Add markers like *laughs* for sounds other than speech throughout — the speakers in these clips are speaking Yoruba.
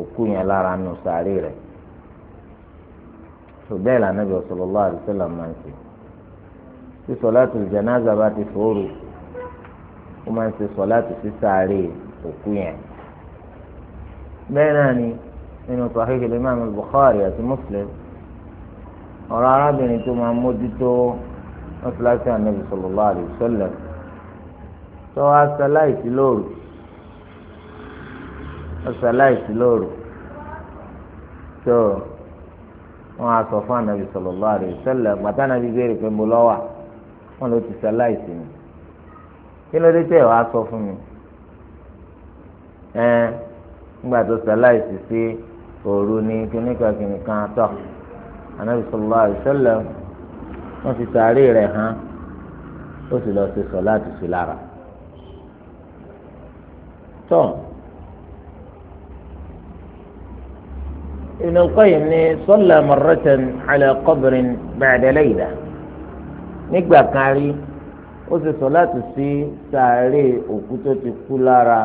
òkú yẹn lára nù sàárè rẹ̀ tó bẹ́ẹ̀ lànàbì sallallahu alaihi wasallam máa ń ṣe tí sọ̀láàtù jánásà bá ti fòrò ó máa ń ṣe sọ̀láàtù sí sàárè òkú yẹn bẹ́ẹ̀ náà ni nínú sahih al-imam al-bukhari àti muslim ọ̀rọ̀ arábìnrin tó máa mójútó mọ́sálásí ànàbì sallallahu alaihi wasallam tó wá sáláìsí lóòrùn ọsàláìsì lóru tó wọn á sọ fún anabi sallallahu alaihi wasallam gbàtà anabi béèrè pé mo lọ wà wọn ló ti sàláìsì mi kí ló dé tẹ wàá sọ fún mi ẹ nígbà tó sàláìsì sí òru ní kíníkan kíníkan tọ anabi sallallahu alaihi wasallam wọn fi sàárè rẹ̀ hàn ó sì lọ sí sọ láti sí lára tọ. So, ابن القيم صلى مرة على قبر بعد ليلة نقبع كاري ó ṣe sọ̀láàtì sí sàárè òkú tó ti kú lára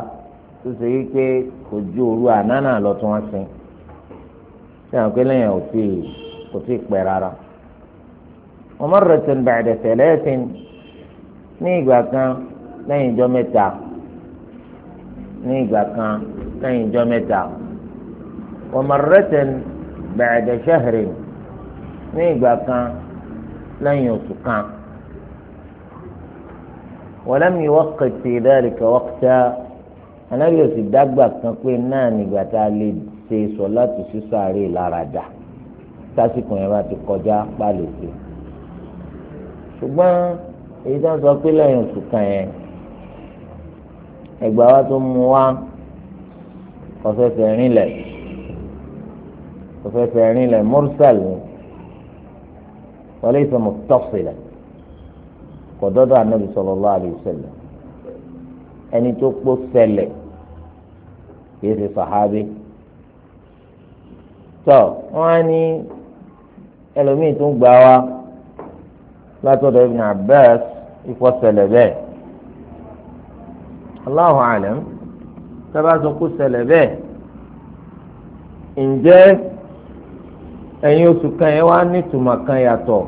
tó ṣe yí pé kò ju òru àná náà lọ tí wọ́n sin ṣé àwọn akẹ́lẹ́ yẹn ò tí kò tí pẹ́ rárá. wọ́n mọ̀ rẹ̀ tẹ̀lé bàdẹ̀ tẹ̀lé ẹ̀sìn ní ìgbà kan lẹ́yìn ìjọ mẹ́ta ní ìgbà kan lẹ́yìn ìjọ mẹ́ta wàmàrẹ́tẹ̀n ba'da shahrin ní ìgbà kan lẹ́yìn oṣù kan walam yuwaqqiti dhalika waqta anábì òsì dágbà kan pé náà nígbà tá a lè ṣe sọ láti sísàárè láradà tásìkò yẹn bá ti kọjá pálẹ̀ sí ṣùgbọ́n èyí tó ń sọ pé lẹ́yìn oṣù kan yẹn ẹgbàá wa tó mú wa kọfẹsẹ̀ rinlẹ̀ kò fẹsẹ̀ rìn lẹ̀ mursal ni wa laysa muttasilan kò dọ́dọ̀ anabi sallallahu alayhi wa sallam ẹni tó kpó sẹlẹ̀ kì í ṣe sàhábì tọ́ wọ́n á ní ẹlòmíì tó ń gbà wá látọ̀dọ̀ ibn Abbas ìfọ̀sẹ̀lẹ̀ bẹ́ẹ̀ Allahu alam sábà sọ kó ṣẹlẹ̀ bẹ́ẹ̀ ǹjẹ́ ẹ̀yin oṣù kan yẹn wá ní ìtumọ̀ kan yàtọ̀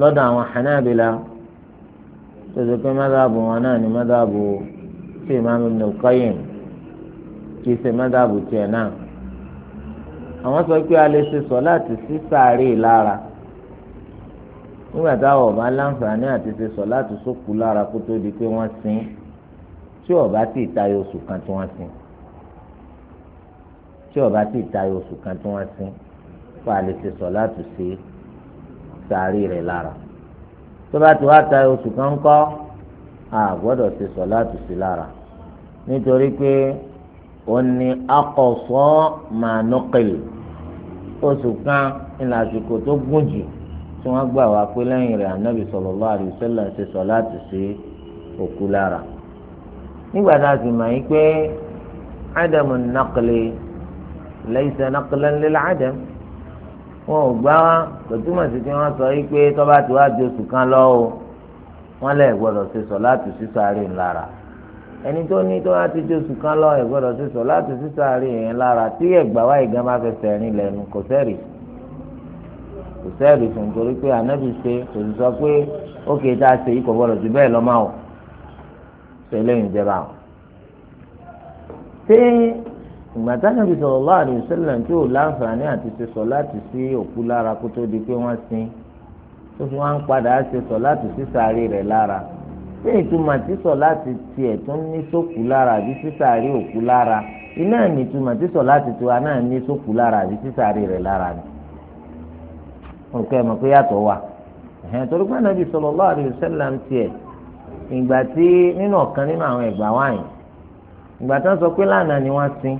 lọ́dọ̀ àwọn hanabila tòṣe pé mẹ́tàbù wọn náà ni mẹ́tàbù tí ìmáàmù Ibn al-Qayyim kì í ṣe mẹ́tàbù tiẹ̀ náà àwọn sọ pé a lè ṣe sọ̀láàtì sí sàárè lára nígbà táwọn ọba láǹfààní àti ṣe sọ̀láàtì sókù lára kó tó di pé wọ́n sin tí ọba tí ì tayọ oṣù kan tí wọ́n sin tí ọba tí ì tayọ oṣù kan tí wọ́n sin fa lè ṣe sọ láti ṣe sàárì rẹ̀ lára tó bá ti wá ta oṣù kan kọ́ a gbọ́dọ̀ ṣe sọ láti ṣe lára nítorí pé ó ní akọ̀sọ́ màá nọ́kẹ̀lì oṣù kan ìlànà àsìkò tó gùn jù tí wọ́n gbà wá pé lẹ́yìn rẹ̀ ànábì sallallahu alaihi wasallam ṣe sọ láti ṣe òkú lára nígbà tá a sì mọ̀ yín pé ádámù naqli laysa naqlan lil ádám wọn ò gbá wa kò túmọ̀ sí pé wọ́n sọ yìí pé tọ́ba tí wàá di oṣù kan lọ o wọ́n lẹ̀ gbọ́dọ̀ ṣe sọ láti sísáré ńlára ẹni tó ní tó wá ti di oṣù kan lọ ẹ̀ gbọ́dọ̀ ṣe sọ láti sísáré yẹn lára tí ẹ̀gbà wa ìgbà máa fẹsẹ̀ rìn lẹ́nu kò sẹ́rì kò sẹ́rì fún torí pé ànábì ṣe kò sì sọ pé ó kì í tá a ṣe yìí kò gbọ́dọ̀ ju bẹ́ẹ̀ lọ́mọ́ o ṣe lẹ́yìn ìjẹba o. ṣé ìgbà táwọn Ànábì sallallahu alaihi wasallam tí ò láǹfààní àti ṣe sọ láti sí òkú lára kó tó di pé wọ́n sin tó fi wọ́n padà ṣe sọ láti sí sàárè rẹ̀ lára ṣé ìtumọ̀ tí sọ láti tiẹ̀ tún ní sókù lára àbí sí sàárè òkú lára iná ìtumọ̀ tí sọ láti tiwa náà ní sókù lára àbí sí rẹ̀ lára ni nǹkan ẹ̀mọ̀ pé yàtọ̀ wà ẹ̀hẹ́n torí pé Ànábì sallallahu alaihi wasallam tiẹ̀ ni wọ́n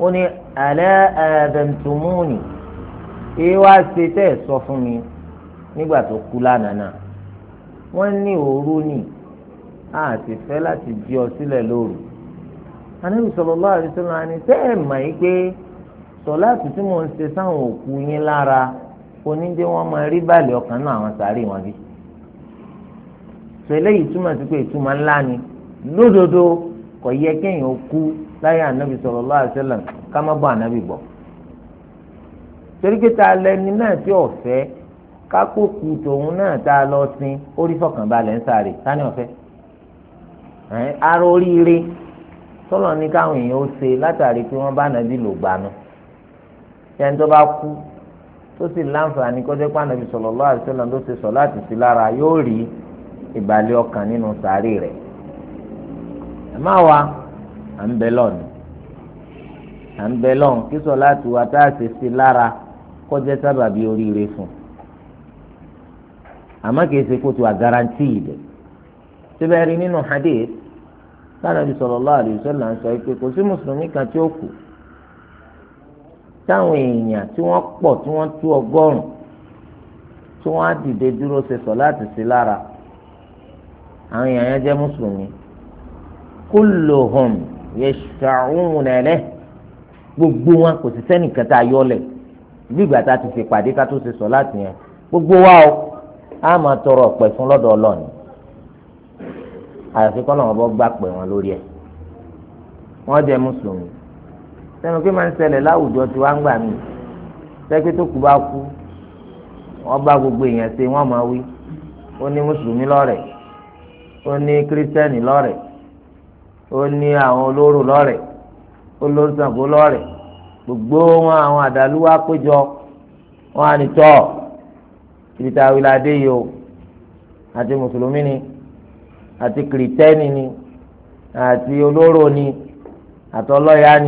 ó ní alẹ́ ẹ̀ẹ́dẹ̀ntumúni èyí wá ṣe tẹ́ ẹ̀ sọ fún mi nígbà tó kú lánàá náà wọ́n ní òru ni a ti fẹ́ láti di ọ sílẹ̀ lóru anábì sallallahu alaihi wasallam ni tẹ́ ẹ̀ pé tí mò ń ṣe sáwọn òkú yín lára oníjẹ́ máa rí ọkàn náà àwọn sàárè wọn bí sọ eléyìí túmọ̀ sí pé ìtumọ̀ ńlá ni lódodo kò yẹ kéèyàn kú láyé ànábì sallallahu alaihi wasallam ká má bọ́ ànábì gbọ́ torí pé ta lẹni náà tí ò fẹ́ kákòkù tòun náà tá a lọ sin orí fọkànbalẹ̀ ń sáré tani ọ̀fẹ́ ara oríire tọ́lọ̀ ní káwọn èèyàn ó ṣe látàrí pé wọ́n bá ànábì lò gbanú ẹni tó bá kú tó sì láǹfààní kọjá pé ànábì sallallahu alaihi wasallam ló ṣe sọ láti sí lára yóò rí ìbàlẹ̀ ọkàn nínú sáré rẹ̀ ẹ̀ má wa à ń bẹ lọ́ọ̀nù à ń bẹ lọ́ọ̀nù kí sọ láti wá tá a ṣe sí lára kó jẹ́ sábàbí oríire fún àmọ́ kìí ṣe kó tó a garanti ibẹ̀ síbẹ̀ rí nínú hadith sanabi sallallahu alaihi wasallam ń sọ pé kò sí mùsùlùmí kan tí ó kù táwọn èèyàn tí wọ́n pọ̀ tí wọ́n tú ọgọ́rùn tí wọ́n á dìde dúró ṣe sọ láti sí lára àwọn èèyàn yẹn jẹ́ mùsùlùmí kulluhum yẹsàrúnmùnà lẹ gbogbo wọn kò sí sẹ́nìkan tá a yọ lẹ̀ bí ìgbà tá a ti fi pàdé ká tó ṣe sọ láti yẹn gbogbo wa o a máa tọrọ ọ̀pẹ̀ fún lọ́dọ̀ ọlọ́ọ̀ni àyàfi kọ́ làwọn bọ́ gbà pẹ̀ wọn lórí ẹ̀ wọ́n jẹ́ mùsùlùmí sẹ́nu pé máa ń ṣẹlẹ̀ láwùjọ tí wọ́n á ń gbà mí sẹ́pé tó kù bá kú wọ́n bá gbogbo èèyàn ṣe wọ́n máa wí ó ní mùsùlùmí lọ́rẹ̀ ó ní kírísítẹ́nì lọ́rẹ̀ ó ní àwọn olóró lọ́rẹ̀ olóṣàngó lọ́rẹ̀ gbogbo wọn àwọn àdàlú péjọ wọn á ní tọ́ a yìí o àti mùsùlùmí ni àti kìrìtẹ́nì ni àti olóró ni ni ni gbogbo yẹn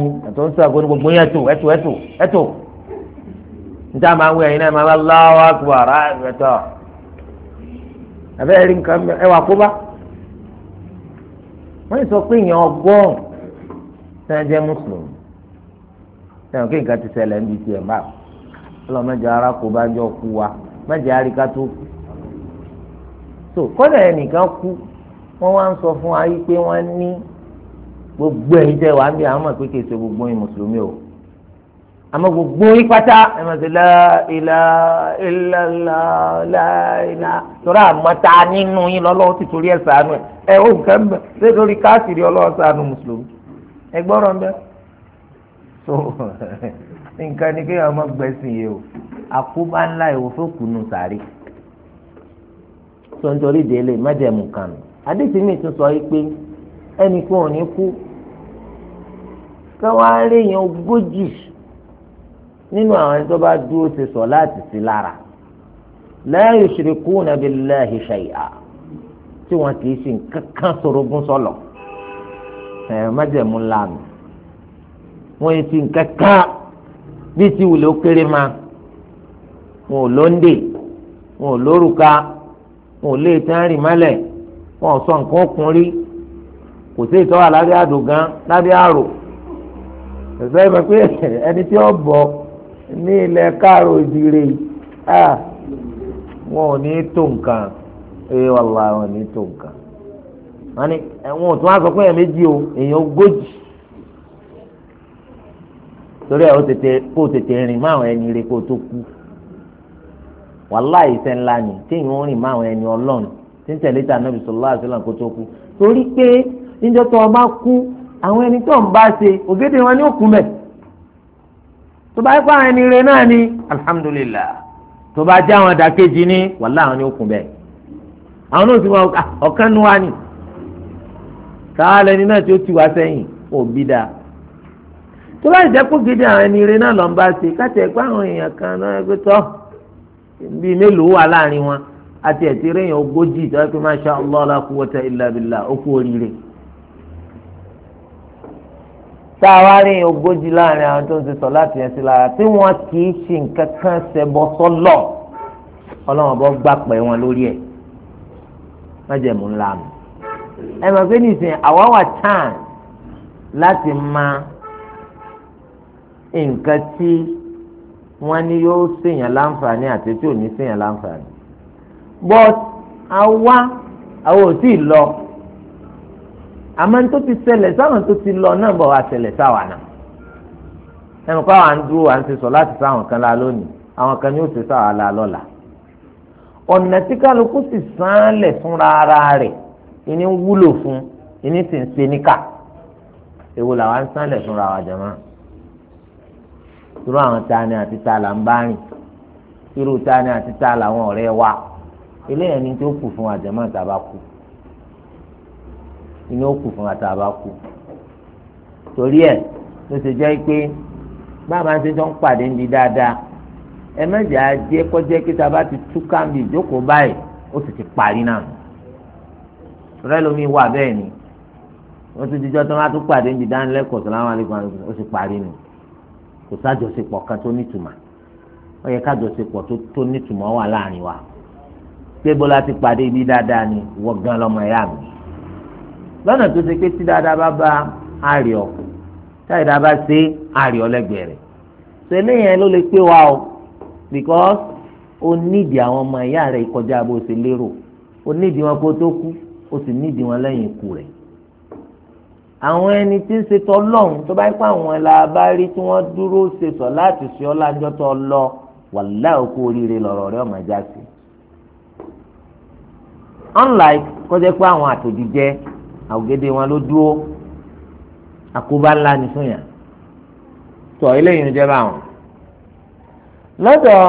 tò ẹ̀tò ẹ̀tò ẹ̀tò níta máa ń wí ẹ̀yin náà máa bá láwọ́ àkùbọ̀ ẹ̀tọ́ wọ́n sọ pé èèyàn ọgọ́rùn tí wọ́n jẹ́ mùsùlùmí sẹ́wọ̀n kí nǹkan ti ṣẹlẹ̀ níbi tiẹ̀ bá ọlọ́mọdé ara kò bá jọ kú wa mẹ́jẹ àríká tó kú so kọ́dà ẹnìkan kú wọ́n wá ń sọ fún wa yí pé wọ́n ní gbogbo ẹ̀yin tẹ́ wàá bí àwọn mọ̀ pé kì í ṣe gbogbo ẹ̀yin mùsùlùmí o àmọ́ gbogbo yín pátá ẹ máa ṣe láìlá ìlàlá láìlá torí àmọ́ta nínú yín lọ́lọ́wọ́ ti torí ẹ̀ sànù ẹ̀ ẹ̀ ó nǹkan bẹ̀ ṣé torí káàkiri ọlọ́wọ́ sànù mùsùlùmí ẹ gbọ́rọ̀ ń bẹ́ so *laughs* nǹkan ni kéèyàn máa gbẹ̀sìn yìí o àkóbá ńlá ìwòfó kùnú sàárè tó ń délé májẹ̀mú kan àdéhùn tún sọ yìí pé ẹnì kan ò ní kú káwá rí yẹn ogójì nínú àwọn ẹni tó bá dúró ti sọ láti sí lára la yushrikuna billahi shay'a tí wọn kì í ṣe nǹkankan sorogún sọlọ ẹ májẹ̀mú lánàá wọn yìí ti nǹkankan bí ti wùlé ó kéré ma wọn ò lóńdè wọn ò lórúka wọn ò lé e tán mọ́lẹ̀ wọn ò sọ nǹkan ọkùnrin kò sí ìtọ́wà lábẹ́ àdògán lábẹ́ àrò ẹ̀sẹ̀ ìmọ̀ pé ẹni tí ó bọ̀ nile ilẹ̀ káàró ìdíire wọn ò ní tó nǹkan ee wọn ò ní tó nǹkan wọn ni wọn ò tún wá sọ pé èèyàn méjì o èèyàn ogójì torí ẹ o tètè kó o tètè rìn mọ́ àwọn ẹni rẹ kó o tó kú wàhálà ńlá ni kéèyàn rìn ẹni ọlọ́run tí ń tẹ̀lé tó kú torí pé níjọ́ tó ẹni tó bá ṣe wọn tó bá yẹ kó àwọn ẹni rẹ náà ni alihamudulilayi tó bá jẹ́ àwọn dàkejì ni wàhálà àwọn ni ó kún bẹ́ẹ̀ àwọn náà sì wọ ah, ọ̀kan nu wa ni káàlẹ́ ni náà tí ó ti wá sẹ́yìn òbí dáa tó bá jẹ́ kó gidi àwọn ẹni rẹ náà lọ́n bá ṣe káti ẹ̀ pé èèyàn kan náà gbé tọ́ bíi mélòó wà láàrin wọn àti ẹ̀tí rẹ̀yìn ogójì tó yẹ kó máa ṣe ọlọ́ọ̀lá kú wọ́tẹ́ ìlàbílà ó kú oríire tá a wá rí ogójì láàrin àwọn tó ń ti sọ láti yẹn sí lára tí wọn kì í ṣe nǹkan kan ṣẹbọ sọlọ Ọlọ́run bọ gbà pẹ wọn lórí ẹ májẹ̀mú ńlá mi ẹ mọ̀ pé nìsín àwa wà tán láti máa nǹkan tí wọ́n ní yóò ṣèyàn láǹfààní àti tí ò ní ṣèyàn láǹfààní. but àwa àwọn ò tí ì lọ àmọ́ ní tó ti ṣẹlẹ̀ sáwọn tó ti lọ náà bọ̀ wá ṣẹlẹ̀ sáwà náà ẹnu kọ́ àwọn dúró à ń ṣe sọ láti sáwọn kan la lónìí àwọn kan ní ó ṣe sáwà la lọ́la ọ̀nà tí kálukú sì sánlẹ̀ fúnra ara rẹ̀ ìní wúlò fún ìní sì ń ṣe níkà èwo làwa ń sánlẹ̀ fúnra wa jẹ̀mọ́ irú àwọn tani àti ta là ń bá rìn irú tani àti ta làwọn ọ̀rẹ́ wa eléyàn ni tó kù fún wa jẹ̀mọ́ tá bá inú ó kù fún ata bá kú torí ẹ̀ ló ṣe jẹ́ pé báwa máa ń ṣe tó ń pàdé níbi dáadáa ẹ mẹ́jẹ̀ á jẹ́ kọjá pé tá a bá ti tú káàmì ìjókòó báyìí ó sì ti parí náà rẹ lómi wà bẹ́ẹ̀ ni wọ́n ti dijọ́ tó máa tún pàdé níbi dánilẹ́kọ̀ọ́ tó láwọn àlejò àlejò ó sì parí nù kò sájọṣepọ̀ kan tó nítumọ̀ ó yẹ kájọṣepọ̀ tó nítumọ̀ wà láàrin wa pé bó la ti pàdé ibi dáadáa ni wọ́n gan lọ́mọ ẹ̀yà mi lọ́nà tó ṣe pé tí dáadáa bá ba àrìọ̀ táyì dáa bá ṣe àrìọ̀ lẹ́gbẹ̀ẹ́ rẹ̀ ṣe eléyìí ló lè pé wa o because o nídìí àwọn ọmọ ìyá rẹ̀ kọjá bó ṣe lérò o nídìí wọn kó tó kú o sì nídìí wọn lẹ́yìn ikú rẹ̀ àwọn ẹni tí ń ṣe tọ́ lọ́hùn tó bá pa àwọn ẹ̀la bá rí tí wọ́n dúró ṣe sọ láti ṣe ọ́ lájọ́ tó lọ wàlá òkú oríire lọ̀rọ̀ rẹ̀ ọ̀mọ̀ sí unlike kọjá pé àwọn àtòjì jẹ́ àwògede wọn ló dúró àkóbá ńlá ni fún yàn tọ eléyìí ń jẹ báwọn lọ́dọ̀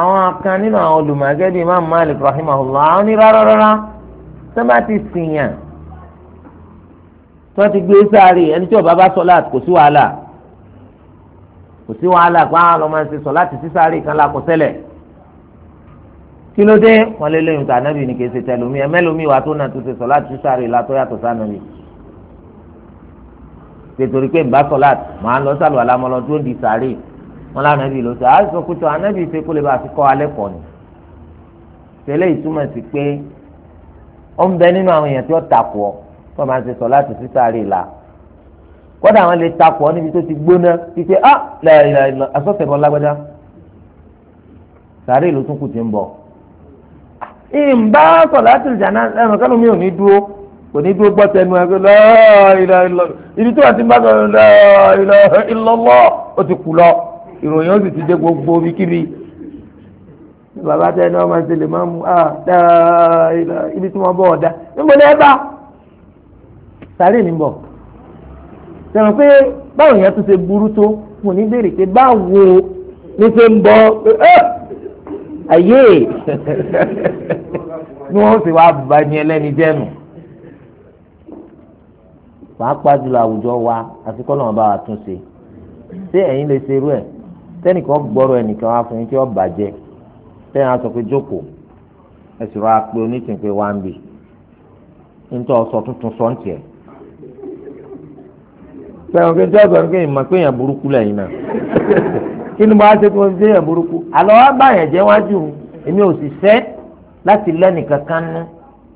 àwọn kan nínú àwọn olùmọ̀gẹ́bí imam malik rahimahullah àwọn ní rárá rárá tó bá ti sìn yàn tó ti gbé sáré ẹni tí ọba bá sọ láti kò sí wàhálà kò sí wàhálà pé àwọn ọmọ ẹsẹ sọ láti sí sáré kan la kí ló dé wọn lé lóyún tó ànábì ní kì í ṣe tẹlómi ẹ mẹlómi wà tó nà tó ṣe sọlá tó sáré látọ yàtọ̀ sànàbì pètòrí pé nbà sọlá màá lọ sàlù àlámọlọ tó di sáré wọn lànàbì ló sọ àìsàn kùtù ànábì ṣe kó lè bá fi kọ́ alẹ́ pọ̀ ni tẹ́lẹ̀ ìtumọ̀ sí pé ó ń bẹ nínú àwọn èèyàn tí ó takò ọ tó máa ṣe sọlá tó sáré la kódà àwọn lè takò ọ níbi tó ti gbóná wípé ah lẹ́yìn lẹ́yìn asọ́tẹ̀bọ̀ lágbájá sáré ló tún kù ìmbá sọ̀láàtì jánásà ẹnu kálọ̀ mi ò ní dúró kò ní dúró gbọ́ tẹnu ẹ pé lọ́ọ̀ọ́ìlọ́ ibi tí wọ́n ti ń bá sọ̀rọ̀ lọ́ọ̀ọ́ìlọ́ ìlọ́lọ́ ó ti kù lọ ìròyìn ó sì ti dé gbogbo ibikíbi bàbá tẹ ẹni ọmọ ẹsẹ lè máa mú ah, a dáa ibi tí wọn bọ ọdá níbo ni ẹ bá sáré ní bọ sẹwọn pé báwo yẹn tún ṣe burú tó mo ní béèrè pé báwo ní ṣe ń bọ ẹ ayé ni wọ́n sì wá bá ní ẹlẹ́ni jẹ́nu pàápàá jùlọ àwùjọ wa àti kọ́ wa tún ṣe ṣé ẹ̀yin lè ṣerú ẹ̀ tẹ́nìkan gbọ́rọ̀ ẹnìkan wá fún yín kí ọ bàjẹ́ tẹ́yìn á sọ pé jókòó ẹ̀sìn rà pé onítìǹ pé ń bì nítorí ọ̀sọ̀ tuntun sọ́ǹtì ẹ̀ pẹ̀lú kí n tẹ́ kí n kí ni mo á ṣe tí mo fi ṣe yàn burúkú àlọ́ wa bá yàn jẹ́ wájú èmi ò sì fẹ́ láti kankan nú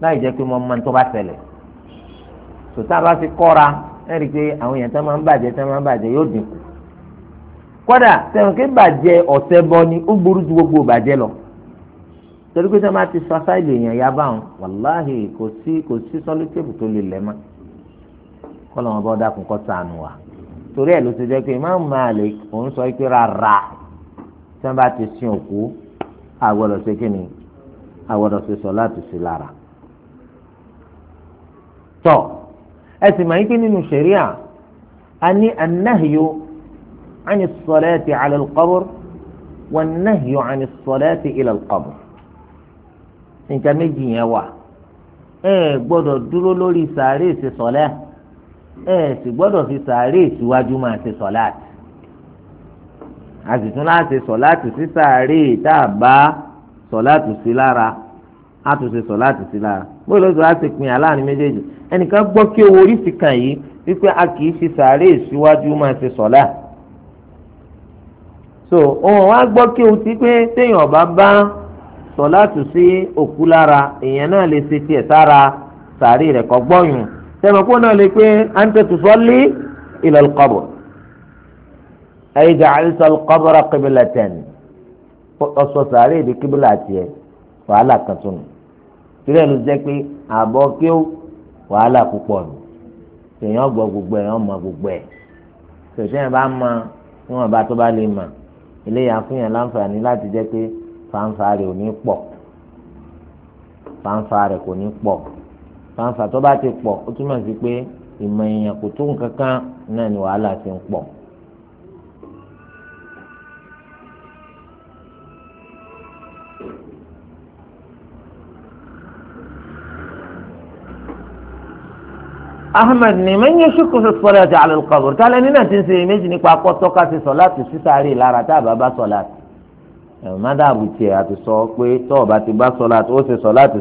láì jẹ́ pé mo mọ tó bá ṣẹlẹ̀ tòtá bá ti kọ́ra i pé àwọn èèyàn tó máa ń bàjẹ́ tó máa ń bàjẹ́ yóò ni ó gbogbo bàjẹ́ lọ torí pé sẹ́wọ̀n ti sọ fáìlì èèyàn yá báwọn wàláhì kò sí kò sí tó lè lẹ́ torí ẹ̀ ló ti jẹ́ pé Imam Malik òun sọ pé rárá tí wọ́n bá ti sin òkú àgbọ̀dọ̀ ṣe kí ni àgbọ̀dọ̀ ṣe sọ láti ṣe lára. tọ́ ẹ sì máa ń pín nínú ṣẹ̀ríà a ní anáhìyó عن الصلاة على القبر والنهي عن الصلاة إلى القبر nǹkan méjì yẹn wà ẹ gbọ́dọ̀ dúró lórí sàárè ṣe sọlẹ ẹ sì gbọ́dọ̀ fi sàárè ìtìwájú máa ṣe sọ̀láàtì a sì tún láti sọ̀láàtì sí sàárè tá a bá sọ̀láàtì sí lára a tún ṣe sọ̀láàtì sí lára bóyá lóṣù láti pin aláàánú méjèèjì ẹnìkan gbọ́ kí owó orí ti kàn yìí wípé a kì í fi sàárè ìṣíwájú máa ṣe sọ̀lá so òun wá gbọ́ kí o ti pé téèyàn bá bá sọ̀láàtì sí òkú lára èèyàn náà lè ṣe tiẹ̀ sára sàárè rẹ̀ kọ́ gbọ́yùn sẹ́mi kó náà lè pé anta tusalli ila al-qabr ay ja'alta al-qabra qiblatan ọ̀sọ̀ sàárè di kíbílà tiẹ̀ wàhálà kan tó nù tìrẹ̀ ló jẹ́ pé àbọ̀ kéw wàhálà púpọ̀ nù èèyàn gbọ́ gbogbo èèyàn mọ gbogbo ẹ̀ tòṣẹ́ yẹn bá mọ níwọ̀n bá tó bá lè mọ eléyà fún yẹn láǹfààní láti jẹ́ pé fanfa ò ní pọ̀ fanfa kò ní pọ̀ fanfa tó bá ti pọ̀ ó túmọ̀ sí pé ìmọ̀ èèyàn kò tó nǹkan kan náà ni wàhálà ti ń pọ̀. ahmed ni man yashukku fi salati ala al-qabr tálẹ̀ nínú àti ṣe méjì nípa akọ́tọ́ ká ti sọ̀láàtì sísáré lára tá a bá bá sọ̀láàtì. ẹ̀rọ mádàbù tiẹ̀ àti sọ pé tọ́ọ̀ bá ti bá sọ̀láàtì ó ṣe sọ̀láàtì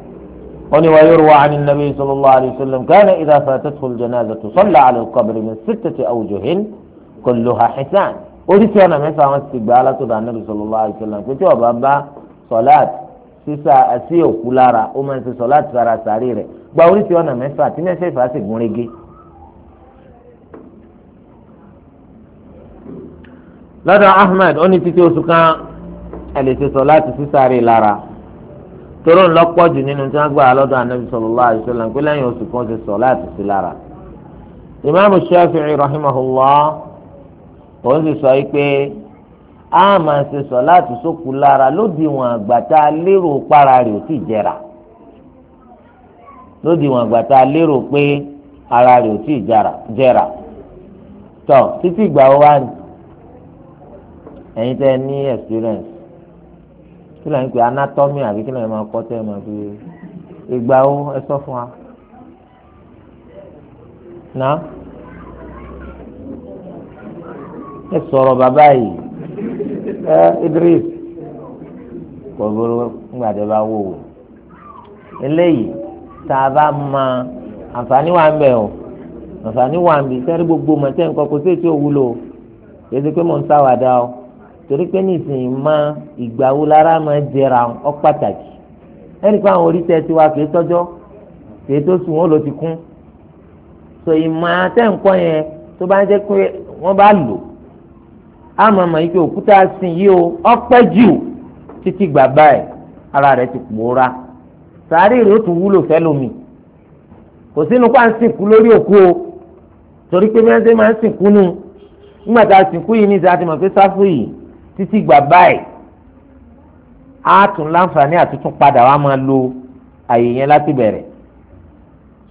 أني ويروى عن النبي صلى الله عليه وسلم كان إذا فاتته الجنازة صلى على القبر من ستة أوجه كلها حسان أريد أن أمسى مستقبالة عن النبي صلى الله عليه وسلم كنت أبابا صلاة سيسا أسيو كلارا أما في صلاة سارة سارير بأريد أن أمسى تنسى فاسق مريقي لدى أحمد أني تتوسكا أليس صلاة سارة لارا toro ńlọpọ̀jù nínú tí wọ́n gbà lọ́dọ̀ anabi sallallahu alaihi wasallam pé lẹ́yìn oṣù kan sọ láti si lára. ìmáàmù shafi'i rahimahullah òun sì sọ pé a máa ṣe sọ láti sókù lára lódiwọ̀n àgbàtà lérò para rẹ̀ ò sì jẹrà lódiwọ̀n àgbàtà lérò pé ara rẹ̀ ò sì jẹrà títí ìgbà wo wá experience kí lóyún pé anatomy àbí kí lóyún máa kọ́ tẹ́ ẹ máa fi ìgbà wo ẹ sọ fún wa nà ẹ sọ̀rọ̀ bàbá yìí ẹ Idris kò burú ńgbà tẹ bá wò wò eléyìí tá a bá máa àǹfààní wà ń bẹ̀ o àǹfààní wà ń bì sẹ́rí gbogbo mọ̀tẹ́ nǹkan kò sí ètò òwúlò yẹ́sẹ̀ pé mò ń sáwàdà o torí pé nísìnyí máa ìgbà wo lára máa jẹra ọ pàtàkì ẹnì kan àwọn orí tẹ tiwa kì í tọ́jọ́ kì í tó sùn wọn ló ti kún so ìmọ̀ àtẹ̀ǹkọ́ yẹn tó bá ń jẹ́ pé wọ́n bá lò á mọ̀ mọ̀ ike òkúta sìn yìí o ọpẹ́ jù títí gbà báyìí ara rẹ̀ ti pòórá sàárì rẹ̀ ó tún wúlò fẹ́lómi kò sínú pa ń sìnkú lórí òkú o torí pé bí wọ́n ṣe máa ń sìnkú nù nígbà tá a sìnkú yìí ní ìsá mọ̀ pé sáfù yìí títí gbà báyìí á tún láǹfààní àtúntún padà wá máa lo àyè yẹn láti bẹ̀rẹ̀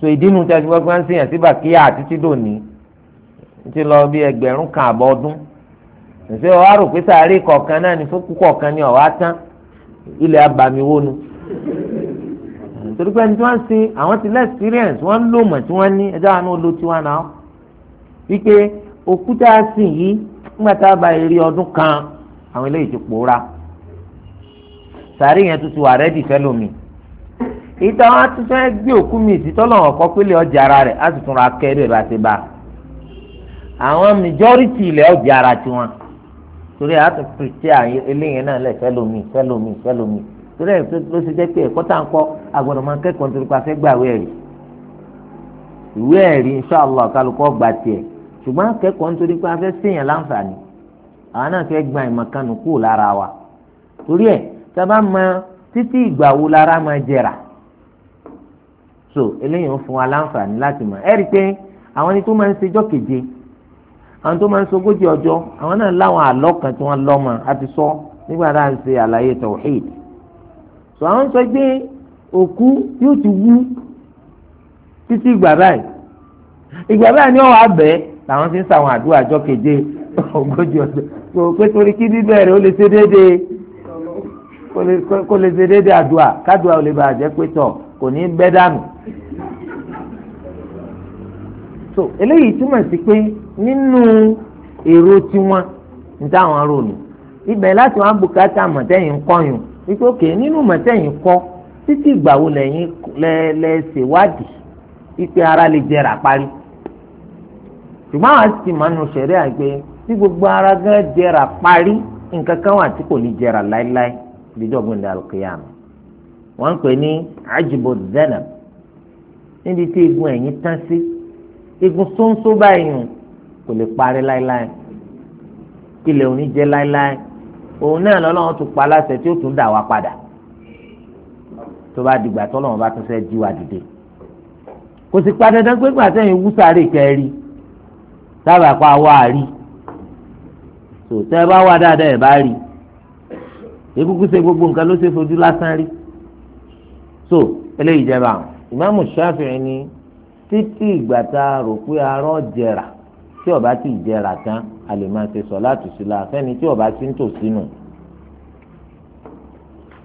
so ìdínú tí a ti wọ́n fi máa ń sèyàn sí bàkíyà títí dòní ti lọ bí ẹgbẹ̀rún kan àbọ̀ ọdún ṣe wàá rò pé sàárè kọ̀ọ̀kan náà ní fókù kọ̀ọ̀kan ní ọ̀wá tán ilẹ̀ abàmíwónu torí pé ẹni tí wọ́n ṣe àwọn ti lẹ́ experience wọ́n ń lò mọ̀ tí wọ́n ní ẹjọ́ àánú ló tiwa náà wípé òkúta sìn yìí nígbà tá a bá rí ọdún kan àwọn eléyìí ti pòórá sàárì yẹn tuntun àrẹ́dì fẹ́lómi ìta wọn ti fẹ́ gbé òkú mi ìtítọ́ lọ́wọ́ kọ́ pélé ọjà ara rẹ̀ á sì tún ra kẹ́rẹ́ bá ti bá àwọn majority ilẹ̀ ọjà ara tiwọn torí àti pèsè eléyìí náà lẹ̀ fẹ́lómi fẹ́lómi fẹ́lómi torí ẹ̀ ló ṣe jẹ́ pé ẹ̀kọ́ tá à ń kọ́ agbọ́dọ̀ máa kẹ́kọ̀ọ́ nítorí pa fẹ́ gbàwé ẹ̀rí ìwé ẹ̀rí inṣàlá kálukọ́ gbà tiẹ̀ ṣùgbọ́n akẹ́kọ̀ọ́ nítorí pé fẹ́ ṣèyàn láǹfààní àwọn náà fẹ́ gba ìmọ̀kànnù kúrò lára wa torí ẹ̀ tá a bá mọ títí ìgbà wo lára máa jẹrà so eléyìí ń fún wa láǹfààní láti mọ̀ ẹ́ rí i pé àwọn ẹni tó máa ń sejọ́ keje àwọn tó máa ń sogójì ọjọ́ àwọn náà láwọn àlọ́ kan tí wọ́n lọ́mọ àti sọ nígbà tá à ń ṣe àlàyé tawhid so àwọn sọ pé òkú yóò ti wú títí ìgbà báyìí ìgbà báyìí ni ọ̀ wá bẹ́ẹ̀ làwọn ti ń sàwọn àdúrà ọjọ́ keje *laughs* ogójì ọjọ́ tó pé torí kí bíbẹ̀rẹ̀ ó lè ṣe déédéé kó lè ṣe déédéé àdúà kádùà ò lè bàa jẹ́ pé tọ̀ kò ní bẹ́ dànù. so eléyìí túmọ̀ sí pé nínú èrò tiwọn ní táwọn ronú ibẹ̀ láti wọn bùkátà mọ̀tẹ́yìn kọ́yùn wípé òkè nínú mọ̀tẹ́yìn kọ́ títí ìgbà wo lẹ́yìn lẹ́ẹ̀ṣèwádìí ipe ara lè jẹrà parí ṣùgbọ́n àwọn ti mọ̀ nù sẹ̀rí àgbẹ̀ tí gbogbo ara gan jẹrà parí nǹkan kan wà tí kò ní jẹrà láéláé dídọ́gbọ̀n dàrú kìyàmù wọ́n ń pè ní ajibo zenab níbi tí egun ẹ̀yìn tán sí egun sóńsó báyìí kò lè parí láéláé ilẹ̀ òní jẹ́ láéláé òun náà lọ́lọ́run tún pa aláṣẹ tí ó tún dà wá padà tó bá dìgbà tọ́lọ́run bá tún fẹ́ jí wa dìde kò sì pa dandan pé gbàtẹ́yìn wúsàárè kẹrin sábà pa wá rí tó tẹ́ ẹ bá wà dáadáa ẹ̀ bá rí ekuku ṣe gbogbo nǹkan ló ṣe fojú lásán rí so eléyìí jẹba ìmáàmù Ṣáfi'í ni títí ìgbà tá a rò pé arọ́ jẹrà tí ọba ti jẹrà tán a lè máa ṣe sọ̀láàtù sílá fẹ́ni tí ọba ti ń tò sínú.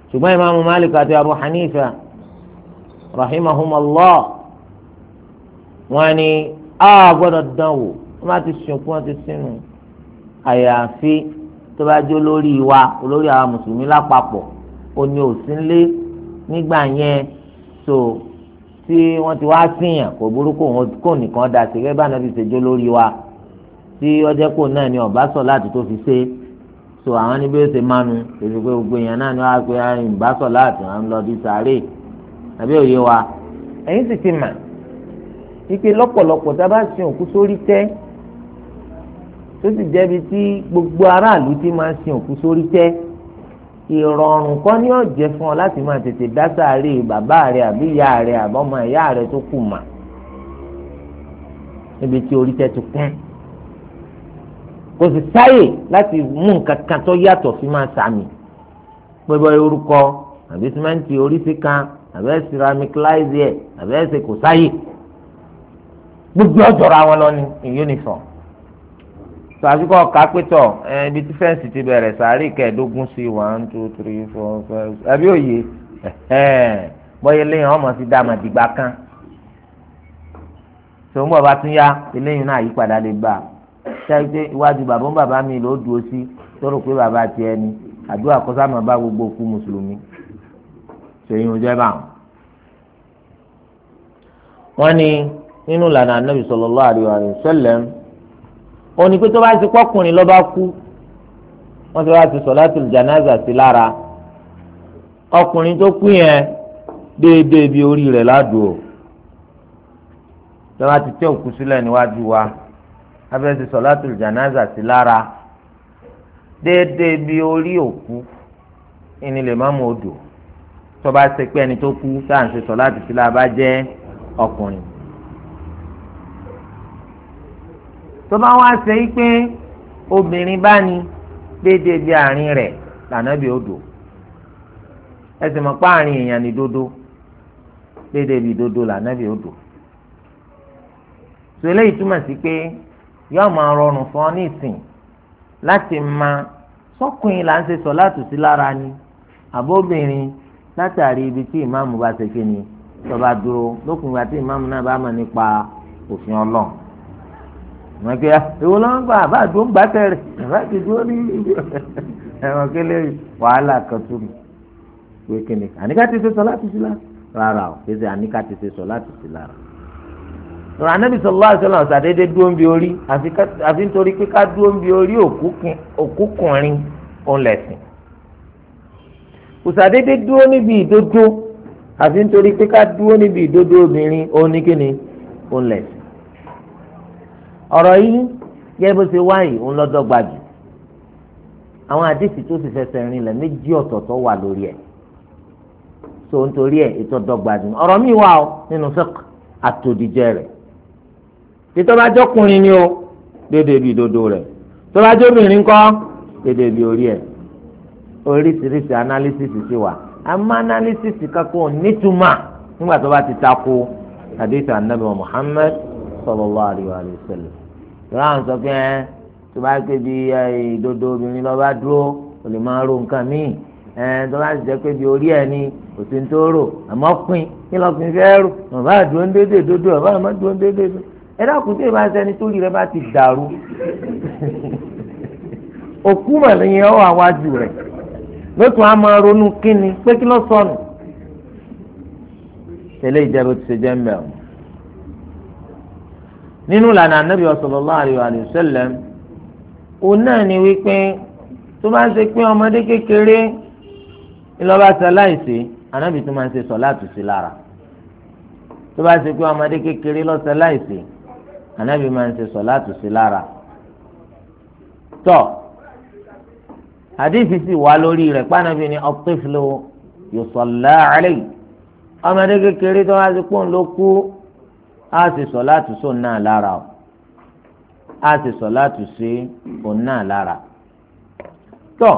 ṣùgbọ́n ìmáàmù Malik àti Abu Hanifa rahimahumallah wọ́n ní a gbọ́dọ̀ dánwò wọ́n bá ti sunkún wọ́n ti sínú àyàfi tó bá jó lórí wa olórí àwọn mùsùlùmí lápapọ̀ ó ní òsínlé nígbà yẹn so tí wọ́n ti wá síyàn kò burúkú kò nìkan dà sí gẹ́gẹ́ bá nàbí ṣe jó lórí wa tí ọjọ́ kò náà ni ọ̀bá sọ láti tó fi ṣe so àwọn níbi ó ṣe mánu èsì pé gbogbo èèyàn náà ni wọ́n á pe ìbá sọ láti wọ́n lọ bí sàárè àbí òye wa ẹ̀yin sì ti mà ike lọ́pọ̀lọpọ̀ tá a bá sin òkú sórí tẹ́ tó sì jẹ́bi tí gbogbo aráàlú ti máa sin òkú sórí tẹ́ ìrọ̀rùn kọ́ ni yóò jẹ́ fún ọ láti máa tètè dá sáré bàbá rẹ àbí ìyá rẹ àbọ́mọ ìyá rẹ tó kù mà níbi tí orí tẹ́ ti kún kò sì sáyè láti mú nǹkan kan tó yàtọ̀ sí máa sàmì pẹ́bọ́ orúkọ àbí símẹ́ǹtì oríṣi kan àbí siramikiláìsì ẹ̀ àbí ẹ̀sẹ̀ kò sáyè gbogbo ọjọ́ra wọn lọ ní uniform sọ àfikọ́ ká pétọ̀ ibi tí fẹ́ǹsì ti bẹ̀rẹ̀ sàárì kẹẹ̀ẹ́dógún sí one two three four five ẹbí òye bọ́yá eléyìí ọmọ sí dá màdìgbà kan tòun bọ̀ bá tún yá eléyìí náà yípadà lè bá ṣáà pé iwájú bàbá bàbá mi ló dúró sí tóró pé bàbá tiẹ̀ ni àdúrà kọ́sámọ̀ bá gbogbo òkú mùsùlùmí ṣèyí ò jẹ́ báwọn. wọ́n ní nínú ìlànà anábì sallallahu alaihi wasallam òun ni pé tó bá ti pọ́kùnrin lọ́ bá kú wọ́n ti wá ti sọ̀látùl jànáza sí lára ọkùnrin tó kú yẹn déédéé bí orí rẹ̀ ládùú o tó bá ti tẹ́ òkú sílẹ̀ níwájú wa abẹ́ ti sọ̀látùl jànáza sí lára déédéé bí orí òkú ìní lè má mú odò tó bá ti pẹ́ ẹni tó kú sáà ń ṣe sọ̀látùl sí lára bá jẹ́ ọkùnrin. tó bá wá ṣe yí pé obìnrin bá ní déédéé bí àárín rẹ̀ lànàbí odò ẹsẹ̀ mọ̀ pé àárín èèyàn ni dodo déédéé bí dodo lànàbí odò tó eléyìí túmọ̀ sí pé yóò máa rọrùn fún ọ ní ìsìn láti máa sọkùnrin là ń ṣe sọ láti sí lára ni àbóbìnrin látàrí ibi tí ìmáàmù bá ṣe kí ni tó dúró lókùnrin àti ìmáàmù náà bá mọ̀ nípa òfin ọlọ́run wọn kẹ ewu ló ń gbà àbá àdó ń gbà tẹrẹ àbá àdó ní *laughs* ẹwọn kẹlẹ wàhálà kan tún mi pé kíni àníkà ti ṣe sọ láti sí lára rárá o kì í ṣe àníkà ti ṣe sọ láti sí lára ràn anabi sọlá àṣọlá ọ̀sàdédé dúró ń bi orí àfi nítorí pé ká dúró ń bi orí òkúkùnrin òun lẹ̀sìn ọ̀sàdédé dúró níbi ìdodo àfi nítorí pé ká dúró níbi ìdodo obìnrin òun ní ọ̀rọ̀ yìí yẹ bó ṣe wáyìí òun lọ́dọ̀ gbajù àwọn àdìsí tó sì fẹsẹ̀ rinlẹ̀ méjì ọ̀tọ̀ọ̀tọ̀ wà lórí ẹ̀ so nítorí ẹ̀ ètò ọ̀dọ́gbajù ọ̀rọ̀ mi wà ó nínú fẹ́k àtòdìjẹ rẹ̀ títọ́bájọ́kùnrin ni ó déédéé bíi dodo rẹ̀ tọ́bájọ́bìnrin kọ́ orí ẹ̀ oríṣiríṣi analysis wà àmọ́ analysis nígbà tó bá ti àdìsí tọ́lá ń sọ pé ẹ tó bá pé bí ìdodo obìnrin lọ bá dúró kò lè máa ro nǹkan míì ẹ tọ́lá ti jẹ́ pé bí orí ẹ ni kò sí ní tó rò àmọ́ pin kí lọ́ọ́ fi fẹ́ rò bàbá àdúró ń dédé dodo bàbá àmọ́ dúró ń dédé dodo ẹ dákun tí ìbá sẹni tó rí rẹ bá ti dàrú *laughs* òkú màlẹ́yìn ọ̀ àwájú rẹ̀ lótú a máa ronú kíni pé kí lọ́ọ́ sọnù tẹ́lẹ̀ ìjẹ́bù ti ṣe jẹ́ mbẹ́ ọ̀hún nínú lànà anabi sallallahu alayhi wa sallam òun náà ni wípé tó bá ń ṣe pé ọmọdé kékeré ńlọba ṣaláìsí anabi tó máa ń ṣe sọ̀láàtù sí lára tó bá ṣe pé ọmọdé kékeré ló ṣaláìsí anabi máa ń ṣe sọ̀láàtù sí lára tọ́ àdìsí sì wá lórí rẹ̀ pànàbí ni at-tiflu yusalla ọmọdé kékeré tó bá ṣe pé òun ló kú a sì sọ láti sóun náà lára o a sì sọ láti sí òun náà lára tọ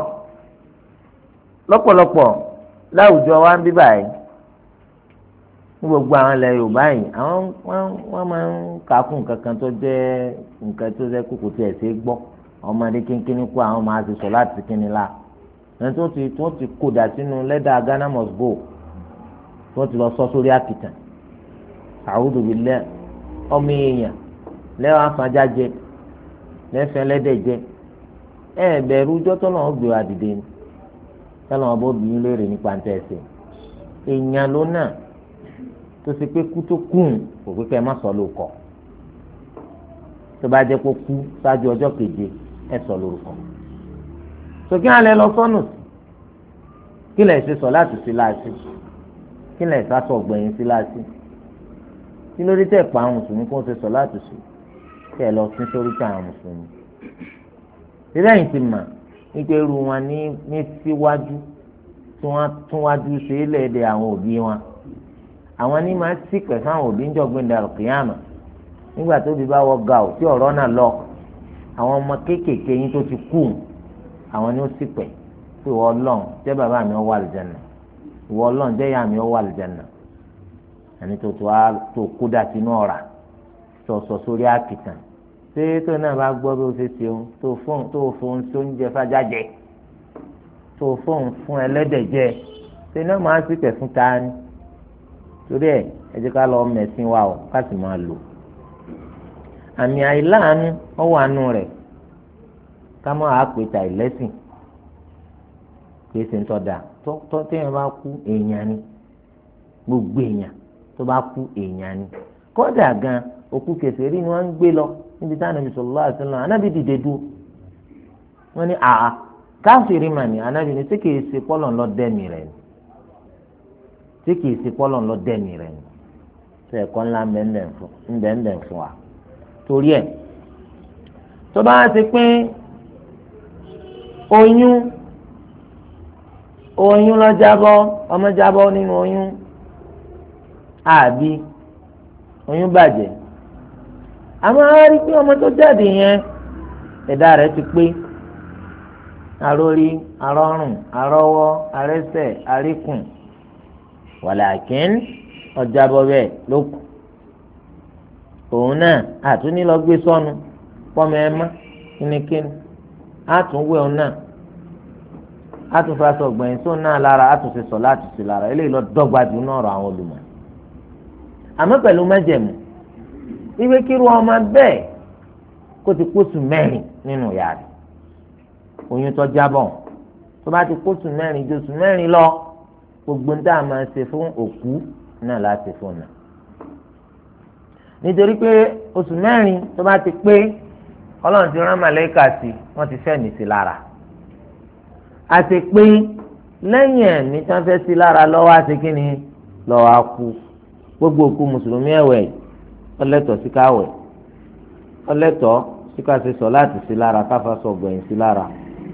lọ́pọ̀lọpọ̀ láwùjọ wa ń bí báyìí ní gbogbo àwọn ilẹ̀ Yorùbá yìí àwọn wọ́n máa ń kàkún kankan tó jẹ́ nǹkan tó jẹ́ kókò tí ẹ̀ ṣe gbọ́ ọmọdé kínkínní kó àwọn máa ti sọ láti kínní la ẹni tó ti tó ti kódà sínú lẹ́dà Ghana must go tó ti lọ sọ sórí àkìtàn. a'udhu billah ọmọ èèyàn lẹ́wọ̀n afajá jẹ lẹ́fẹ̀ẹ́ lẹ́dẹ̀ jẹ ẹ bẹ̀rù jọ́tọ́ náà gbé wa dìde ni tẹ́lọ̀ ọba obìnrin léèrè nípa èèyàn ló náà tó ṣe pé kú kùn kò pé má sọ tó bá kó kú ṣáájú keje ẹ sọ lórúkọ sókè lọ kí ṣe sọ kí ló dé tẹ̀ pa àwọn mùsùlùmí kó ń ṣe sọ láti sùn tẹ̀ lọ sí sórí tẹ̀ àwọn mùsùlùmí. sílẹ̀yìn ti mà nípa irú wọn ní ní síwájú tí wọ́n tún wájú ṣe é lẹ́ẹ̀dẹ̀ àwọn òbí wọn. àwọn ní máa sì pẹ̀ fáwọn òbí ń jọ̀gbìn dàrú kìyàmà nígbà tóbi bá wọ ga ò tí ọ̀rọ̀ náà lọ àwọn ọmọ kéékèèké yín tó ti kú àwọn ni ó sì pẹ̀ pé ìwọ ọlọ́run jẹ́ bàbá mi ó ẹni tó tó a tó kódà sínú ọ̀rà sọ̀sọ̀ sórí àkìtàn ṣé tó náà bá gbọ́ bí o ṣe ṣe o tó fóun tó fóun tó ń jẹ fájá jẹ tó fóun fún ẹlẹ́dẹ̀ jẹ ṣé náà máa ń sì tẹ̀sùn ta ni torí ẹ ẹ jẹ́ ká lọ mẹ̀sìn wa o ká sì máa lò àmì àìláàánú ọwọ́ àánú rẹ̀ ká má a pè ta ìlẹ́sìn kì ń tọ́ da tọ́ tẹ́yìn bá kú èèyàn ni gbogbo èèyàn tó bá kú èèyàn ni kódà gan òkú kèfèrí ni wọ́n ń gbé lọ níbi tí anabi sallallahu alaihi wasallam anabi dìde dúró wọ́n ní àá káfíìrì mà ní anabi ni tí kìí ṣe pọ́lọ̀ lọ dẹ́mi rẹ̀ ni tí kìí ṣe pọ́lọ̀ lọ dẹ́mi rẹ̀ ni tó ẹ̀kọ́ ńlá ńbẹ̀ńbẹ̀ fún wa torí ẹ̀ tó bá ti pé oyún oyún lọ jábọ́ ọmọ jábọ́ nínú oyún àbí oyún bàjẹ́ àmọ́ a pé ọmọ tó jáde yẹn ẹ̀dá rẹ̀ ti pé arórí arọ́rùn arọ́wọ́ arẹ́sẹ̀ aríkùn wàlàkín ọjà bọ̀bẹ̀ ló kù òun náà àtúní lọ gbé sọnù pọ́mọ ẹ má kínníkínní àtúnwé òun náà àtúnfàṣọ gbẹ̀yìn sóun náà lára àtúnṣe àmọ́ pẹ̀lú májẹ̀mú ìwé kíru ọmọ bẹ́ẹ̀ kó ti kóṣù mẹ́rin nínú ìyá rẹ̀ oyún tó jábọ̀ tó bá ti kóṣù mẹ́rin jóṣù mẹ́rin lọ gbogbo ń dáa máa ṣe fún òkú náà láti fún náà nítorí pé oṣù mẹ́rin tó bá ti pé ọlọ́run ti rán màlẹ́kà sí wọ́n ti fẹ́mi sí lára àti pé lẹ́yìn ẹ̀mí tí wọ́n fẹ́ sí lára lọ́wọ́ àti kí ni lọ́wọ́ á kú gbogbo òkú mùsùlùmí ẹ̀wẹ̀ ọlẹ́tọ̀ sí káwẹ̀ ọlẹ́tọ̀ sí ká ṣe sọ láti sí lára káfa sọ gbẹ̀yìn sí lára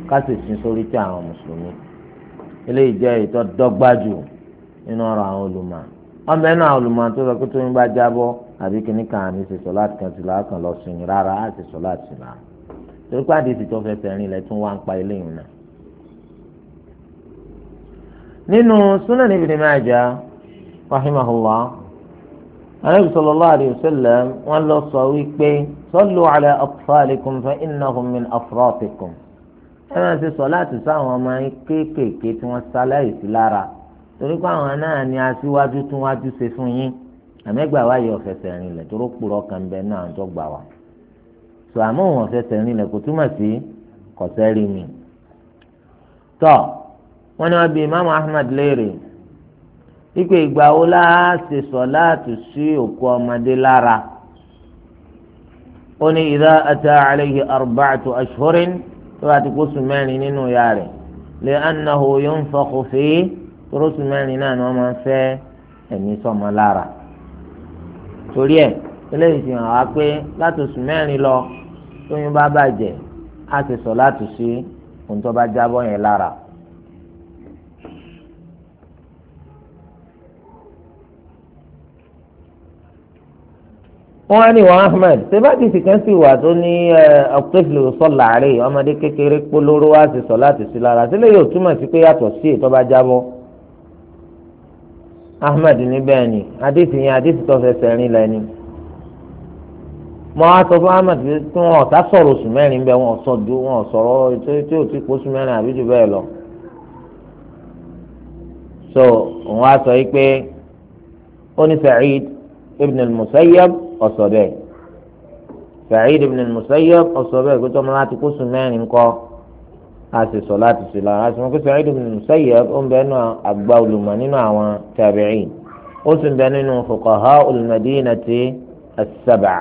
ká sì sin sórí tí àwọn mùsùlùmí eléyìí jẹ́ ètò dọ́gbájú nínú ọ̀rọ̀ àwọn olùmọ̀ ọmọ ẹnu àwọn olùmọ̀ tó sọ pé tó ń bá jábọ́ àbí kìnnì kan àmì ṣe sọ láti kan sílá kan lọ sùn rárá á ṣe sọ láti sílá torí pé àdìsí tó fẹsẹ̀ rìn lẹ̀ tún wá ń pa eléyìí náà. nínú Sunan Ibn Majah rahimahullah anabi sallallahu alayhi wa sallam wọ́n lọ sọ wípé sallu ala atfalikum fa innahum min afratikum ẹ máa ṣe sọ láti sọ àwọn ọmọ yín kéékèèké tí wọ́n ṣaláìsí lára torí pé àwọn náà ni aṣíwájú tún wájú ṣe fún yín àmẹgbà wa yọ ọfẹsẹ rinlẹ̀ tó rọpùrọ kan bẹ náà tó gbà wá sọ àmọ́ òun ọfẹsẹ rinlẹ̀ kò túmọ̀ sí kọsẹ rí mi tọ wọ́n ní wọ́n bi imaamu ahmed léèrè wípé ìgbà wo la ṣe sọ̀láàtù sí òkú ọmọdé lára ó ní ìdá ata àlẹyé arba'atu ashhurin tó bá ti kó sùn mẹ́rin nínú ìyá rẹ̀ lè anahu yunfakhu fi tóró sùn náà ni wọ́n máa ń fẹ́ ẹ̀mí sọmọ lára torí ẹ̀ eléyìí fi wá pé láti oṣù lọ tóyún bá bàjẹ́ á ti sọ̀láàtù sí ohun tó bá jábọ́ yẹn lára. wọ́n á ní wọn ahmed sebáàdì sìkẹ́ sì wà tó ní ọ̀pẹ́fìlì sọ́là àárẹ̀ ọmọdé kékeré polówó wá sí láti sí lára sílẹ̀ yóò túmọ̀ sí pé yàtọ̀ sí ètò ọba jábọ́ ahmed ní ni adéṣì yẹn adéṣì tó fẹsẹ̀ rìn lẹ́ni ahmed tí wọn ọ̀tá sọ̀rọ̀ oṣù mẹ́rin bẹ́ẹ̀ wọn sọ ju wọn sọ̀rọ̀ tí ò ti kó so òun sọ yìí pé ó ní ibn al-musayyab ọ̀sọ̀ bẹ́ẹ̀ sa'id ibn al-musayyab ọ̀sọ̀ bẹ́ẹ̀ pé tọ́mọ láti kó sùn mẹ́rin ńkọ́ a sì sọ láti sí lára àti wọn pé sa'id ibn al-musayyab ó ń bẹ nínú àgbà olùmọ̀ nínú àwọn tabi'in ó sì ń bẹ nínú fuqaha al-madinati as-sab'a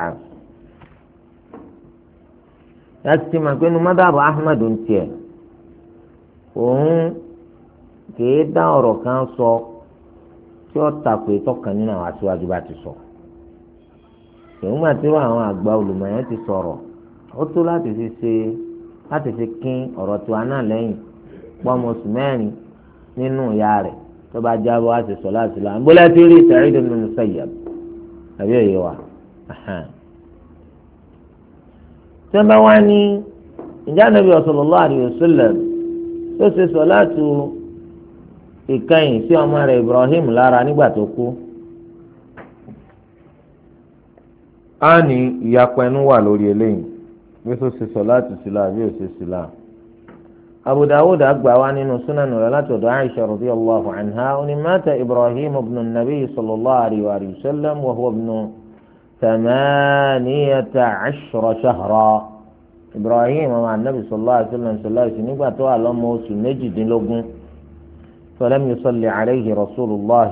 láti ti mọ̀ pé nu mọ́dàbọ̀ ahmed ń tiẹ̀ òun kìí dá ọ̀rọ̀ kan sọ tí ó tàpé tọkàn nínú àwọn aṣíwájú bá ti sọ ìwọ́n àti wọn àwọn àgbà olùmọ̀yàn ti sọ̀rọ̀ ó tó láti fi ṣe láti fi kín ọ̀rọ̀ tiwa náà lẹ́yìn pọ́nmọ oṣù mẹ́rin nínú ìyá rẹ̀ tó bá jábọ̀ á ti sọ láti lọ àǹbólẹ́ ti rí Sa'id ibn Musayyab àbí òye wa tí wọ́n bá wá ní ìjà nàbí sallallahu alaihi wasallam tó ṣe sọ láti ìkẹyìn sí ọmọ rẹ̀ Ibrahim lára nígbà tó kú. á ní ìyapa ẹnu wà lórí eléyìí bí ó ṣe sọ láti sílá bí ó ṣe sílá. Abu Dawud àgbà wa nínú súnánù rẹ̀ láti ọ̀dọ̀ Aisha radiyallahu anha oní mata Ibrahim ibn nabi sallallahu alayhi wa sallam wa huwa ibn thamaniyata ashra shahra. Ibrahim ọmọ anabi sallallahu alayhi wa sallam sallallahu alayhi wa sallam nígbà tó wà lọ́mọ oṣù méjìdínlógún falam yusalli alayhi rasulillah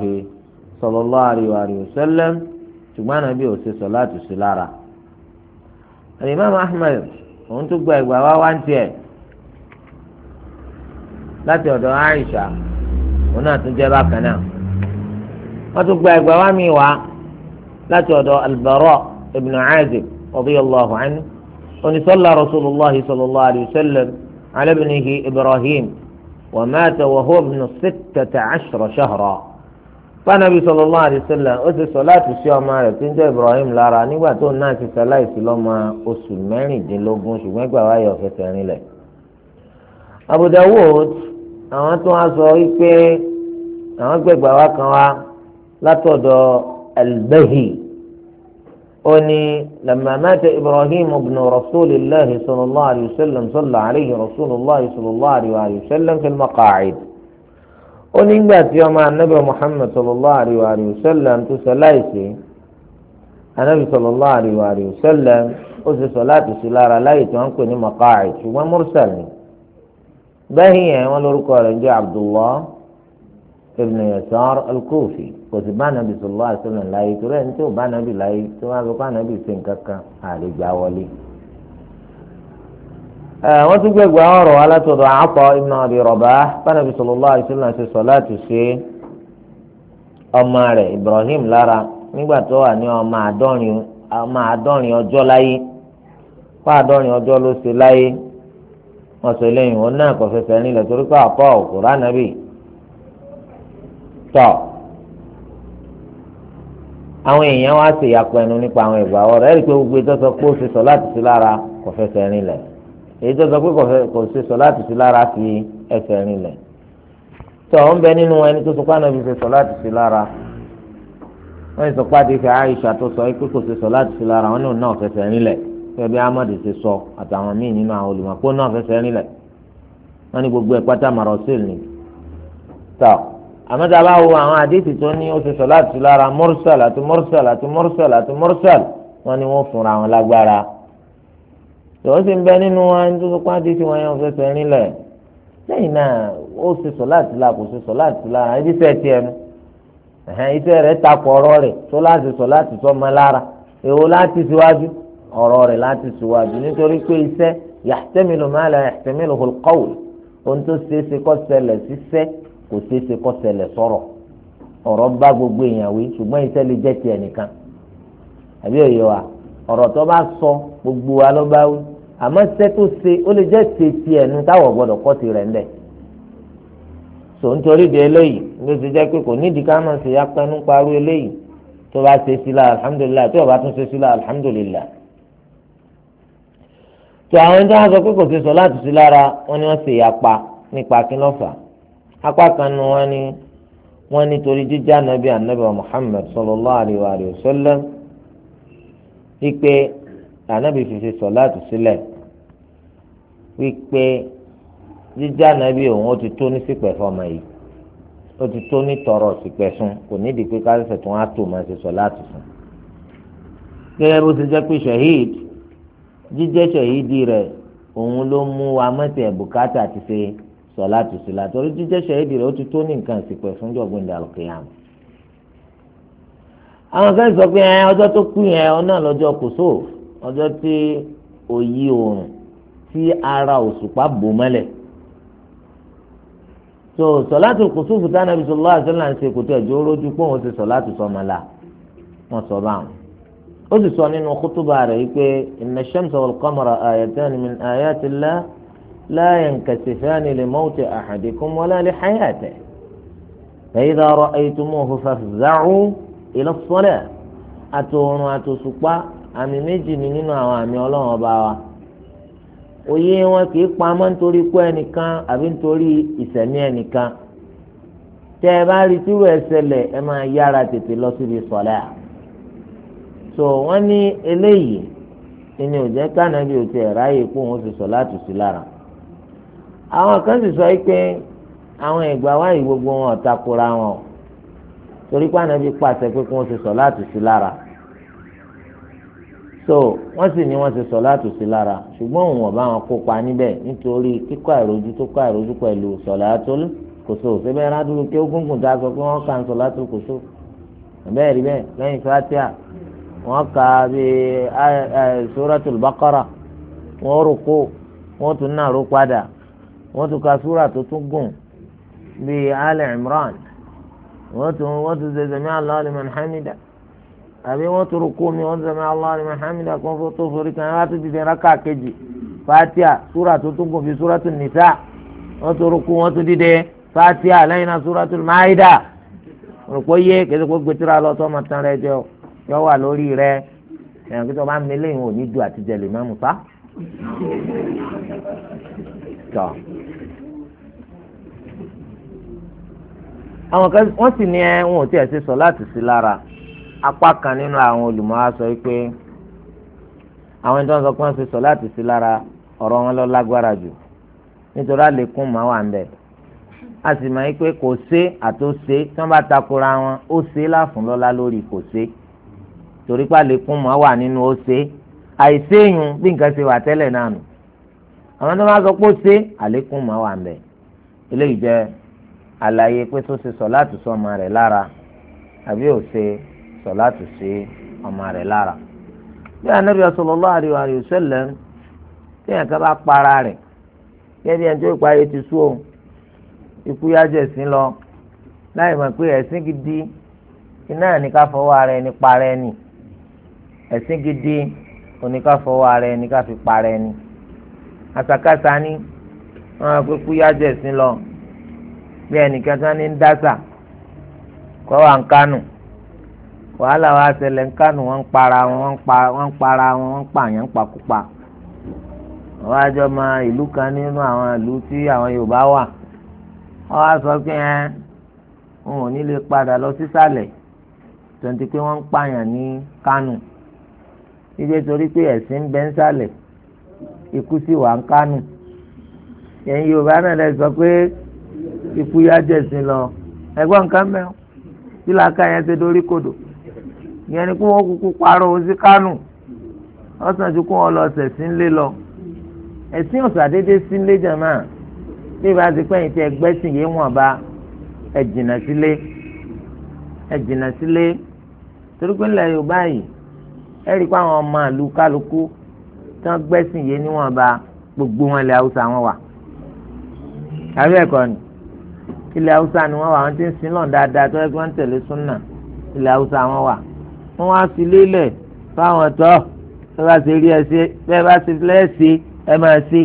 sallallahu alayhi wa sallam ṣùgbọ́n ànábì ò ṣe sọ̀láàtù sí lára. Imam Ahmad òun tó gba ìgbà wá wá ń tiẹ̀ láti ọ̀dọ̀ Aisha òun náà tún jẹ́ bákan náà wọ́n tún gba ìgbà wá mi wá láti ọ̀dọ̀ Al-Bara ibn Azib radiyallahu anhu òní sọ́lá Rasulullah sallallahu alayhi wa sallam ala Ibrahim wa mata wa huwa ibn ashra shahra fanabi sallallahu alaihi wasallam ó ti sọ láti ṣe ọmọ rẹ̀ tó ń jẹ́ Ibrahim lára nígbà tó náà ti sọ láìsí lọ́mọ oṣù mẹ́rìndínlógún ṣùgbọ́n ìgbà wáyé ọ̀fẹ́ tẹ̀rín lẹ̀. Abu Dawud àwọn tó wá sọ wípé àwọn gbẹgbà wa kan wá látọ̀dọ̀ al-Bahi ó ní lamma mata Ibrahim ibn rasulillahi sallallahu alaihi wasallam salla alaihi rasulullahi sallallahu alaihi wasallam fil maqa'id ó nígbà tí ọmọ anabi muhammed sallallahu alayhi wa sallam tó sọ láìsí anabi sallallahu alayhi wa sallam ó sì sọ láti sí lára láyé tí wọ́n ń pè ní maqaid ṣùgbọ́n mursal ni bẹ́ẹ̀ yẹn wọ́n lórúkọ rẹ̀ ń jẹ́ abdullah ibn yasar al-kufi kò sì bá anabi sallallahu alayhi wa láyé torí ẹni tí bá anabi láyé tí wọ́n á sọ pé anabi ṣe nǹkan wọ́n tún gbẹ̀gbẹ̀ ọ̀rọ̀ alátọ̀dọ̀ àpọ̀ ibn Abi Rabah bánàbí sallallahu alaihi wasallam ṣe sọ̀láàtù sí ọmọ rẹ̀ Ibrahim lára nígbà tó wà ní ọmọ àádọ́rin ọjọ́ láyé fún àádọ́rin ọjọ́ ló ṣe láyé wọ́n sọ eléyìí wọn náà fẹsẹ̀ nílẹ̀ torí pé àpọ̀ tọ̀ àwọn èèyàn wá nípa àwọn ìgbà ọ̀rọ̀ ẹ̀rí pé gbogbo èyí tó sọ pé kò ṣe sọ láti sí lára fi ẹsẹ̀ rinlẹ̀ tó ń bẹ nínú ẹni tó sọ pé ànábi ṣe sọ láti sí lára wọ́n sọ pé àti ìfẹ́ Aisha tó sọ pé kò ṣe sọ láti sí lára wọn náà fẹsẹ̀ rinlẹ̀ fẹ́ẹ́ bí Ahmad ṣe sọ àtàwọn míì nínú àwọn olùmọ̀pọ̀ náà fẹsẹ̀ rinlẹ̀ wọ́n ní gbogbo ẹ̀ pátá màrọ̀ sílẹ̀ ni tó àmọ́tá bá wo àwọn àdéhìí tó ní ó ṣe sọ láti sí lára mursal àti mursal àti mursal àti mursal wọ́n ní wọ́n fúnra wọn lágbára ìwọ́n sì ń bẹ nínú wa ní tuntun pàdé tí wọ́n yẹn ń fẹsẹ̀ rìn lẹ̀ lẹ́yìn náà ó ṣe sọ láti la kò ṣe sọ láti la ẹbí sẹ́ tiẹ̀ nu iṣẹ́ rẹ̀ takọ̀ ọ̀rọ̀ rẹ̀ tó láti sọ láti sọ ọmọ lára èwo láti síwájú ọ̀rọ̀ rẹ̀ láti síwájú nítorí pé iṣẹ́ yàtẹ̀mílò máa la yàtẹ̀mílò kọ́wé ohun tó ṣe é ṣe kó ṣẹlẹ̀ síṣẹ́ kò ṣe é ṣe kó ṣẹlẹ̀ sọ̀rọ̀ ọ̀rọ̀ bá gbogbo èèyàn ṣùgbọ́n iṣẹ́ lè jẹ́ tiẹ̀ nìkan àbí òye wa ọ̀rọ̀ tó bá sọ gbogbo wa ló bá wí àmọ́ ṣẹ́ tó ṣe ó lè jẹ́ ṣe ti ẹ̀nu táwọ̀ gbọ́dọ̀ kọ́ ti rẹ̀ ńlẹ̀ so nítorí di eléyìí ló ti jẹ́ pé kò nídìí ká máa ṣe apẹnu parú eléyìí tó bá ṣe sílá alhamdulilayi tó bá tún ṣe sílá alhamdulilayi tó àwọn tó wá sọ pé kò ṣe sọ láti sí lára wọn ni wọ́n ṣe ìyapa nípa kínlọ́fà apá kan nu wọn ni wọn nítorí jíjá nàbí anabi muhammed sallallahu alayhi wa sallam wípé anabi fi ṣe sọ láti sílẹ̀ wípé jíjá nàbí òun ó ti tó ní sípẹ̀ fọmọ yìí ó ti tó ní tọrọ sípẹ̀ sùn kò nídìí pé káṣẹ̀ṣẹ̀ tó wá tó máa ṣe sọ láti sùn. gẹ́gẹ́ bó ti jẹ́ pé shahid jíjẹ́ shahidi rẹ̀ òun ló mú wa mọ́tẹ̀ bùkátà ti ṣe sọ láti sùn látọ̀rí jíjẹ́ shahidi rẹ̀ ó ti tó ní nǹkan sípẹ̀ fún jọ̀gbìn dàlùkìyàm. àwọn kan sọ pé ọjọ́ tó kú yẹn ọ náà lọ́jọ́ kò sóòf ọjọ́ tí òyì oòrùn tí ara òṣùpá bò mọ́lẹ̀ so sọláàtù kùsùfù tánà bí sọlá àṣẹlá ń ṣe kòtò ẹjọ olójú pé òun ṣe sọláàtù sọmọlá wọn sọ báwọn ó sì sọ nínú kútùbà rẹ̀ wípé inna shamsa wal qamara ayatan min ayati llah la yankasifani li mawti ahadikum wala li hayatihi fa idha ra'aytumuhu fafza'u ila as-salah àtòrùn àtòṣùpá àmì méjì ni nínú àwọn àmì Ọlọ́run ọba wa òye wọn kì í pamọ́ nítorí kú ẹnìkan àbí nítorí ìsẹ̀mí ẹnìkan tẹ́ ẹ bá rí tírú ẹ ṣẹlẹ̀ ẹ máa yára tètè lọ síbi sọ̀lá so wọ́n ní eléyìí ìní ò jẹ́ kánàbí ò tiẹ̀ ráàyè kó òun sì sọ láti sí lára àwọn kan sì sọ pé àwọn ìgbà wáyé gbogbo wọn ò takora wọn torí kánàbí pàṣẹ pé kó òun sì sọ láti sí lára. so wọ́n sì ní wọ́n ti sọ̀láàtù sí lára ṣùgbọ́n òun ọba wọn kópa níbẹ̀ nítorí kíkọ́ àìrójú tó kọ́ àìrójú pẹ̀lú kòsó síbẹ̀ rádúró kí ó gúngùn sọ pé wọ́n kà ń kòsó bẹ́ẹ̀ fatia wọ́n kà bí wọ́n tún wọ́n tún ka sura tó tún gùn wọ́n tún àbí wọ́n tó rúkú mi wọ́n sami Allah ni muhammed akọ́fọ́ tó forí kan wọ́n á tún ti dẹ̀ra ká kejì fatia súra tó tún kò fi súra tó nìta wọ́n tó rúkú wọ́n tún dìde fatia lẹ́yìn náà súra tó máìdá rúkú yé kẹsì kó gbẹtura lọ tó ọmọ tán rẹ jẹ yọ wà lórí rẹ ẹ̀yàn kí tó bá mi léyìn òní ju àtijọ́ lè má fa. àwọn kan wọ́n sì ní ẹ wọn ò tí ẹ̀ ṣe sọ láti sí lára apá kan nínú àwọn olùmọ̀ á sọ pé àwọn ìjọba sọ pé wọ́n ṣe sọ láti sí lára ọ̀rọ̀ wọn lọ lágbára jù nítorí àlékún máa wà ń bẹ̀ a sì máa ń pé kò ṣe àtòṣe tí wọ́n bá takora wọn ó ṣe láfún lọ́lá lórí kò ṣe torí pé àlékún máa wà nínú ó ṣe àìséyùn bí nǹkan ṣe wà tẹ́lẹ̀ náà nù àwọn tó máa sọ pé ó ṣe àlékún máa wà ń eléyìí jẹ́ àlàyé pé tó ṣe sọ láti sọ ọmọ rẹ̀ lára àbí ò ṣe sọláàtù sí ọmọ rẹ̀ lára bí anabi sallallahu alaihi wa sallam téèyàn kan bá para rẹ̀ gẹ́gẹ́ ẹni tó ìparí ti sú o ikú yájọ ẹ̀sìn lọ láì mọ̀ pé ẹ̀sìn gidi iná ní ká fọwọ́ ara ẹni para ẹni ẹ̀sìn gidi òní ká fọwọ́ ara ẹni ká fi para ẹni àsàkásà ni wọn á pé yájọ ẹ̀sìn lọ bí ẹnìkan tán ní ń dásà kọ́ wa ń kánù wàhálà wa ṣẹlẹ̀ ń kánú wọn ń para wọn wọn ń pa wọn ń para wọn wọn ń pààyàn ń pakúpa àwọn àjọ ma ìlú kan nínú àwọn ìlú tí àwọn Yorùbá wà wọn wá sọ pé ẹ wọn ò ní lè padà lọ sísàlẹ̀ tonti pé wọ́n ń pààyàn ní Kánò ibi torí pé ẹ̀sìn ń bẹ ń sàlẹ̀ ikú sì wà ń Kánò ẹ̀yin Yorùbá náà lè sọ pé ikú yá jẹ̀sìn lọ ẹ̀gbọ́n nǹkan mẹ́wọ́ tí làákà yẹn ti dorí kodò ìyẹn ni kí wọ́n kúkú parọ́ sí kánù wọ́n sàn ju kó wọn lọ sẹ̀sìn lé lọ ẹ̀sìn ọ̀sàdédé sí lé jàmá bí ìbá ti pẹ́yìn tí ẹgbẹ́sìn yé wọn bá ẹ jìnnà sílé ẹ sílé torí Yorùbá yìí ẹ pé àwọn ọmọ àlù kálukú tí wọ́n gbẹ́sìn yé níwọ̀n bá gbogbo wọn ilẹ̀ Haúsá wọn wà àbí ẹ̀kọ́ ni ilẹ̀ Haúsá ni wọ́n wà wọ́n ti ń sin lọ́n dáadáa tó ẹgbẹ́ ń tẹ̀lé súnà ilẹ̀ Haúsá wọn wà wọ́n wá sí lélẹ̀ fáwọn tọ́ bẹ́ẹ̀ bá ṣe rí ẹ ṣe bẹ́ẹ̀ bá ṣe lẹ́ẹ̀ṣe ẹ máa ṣe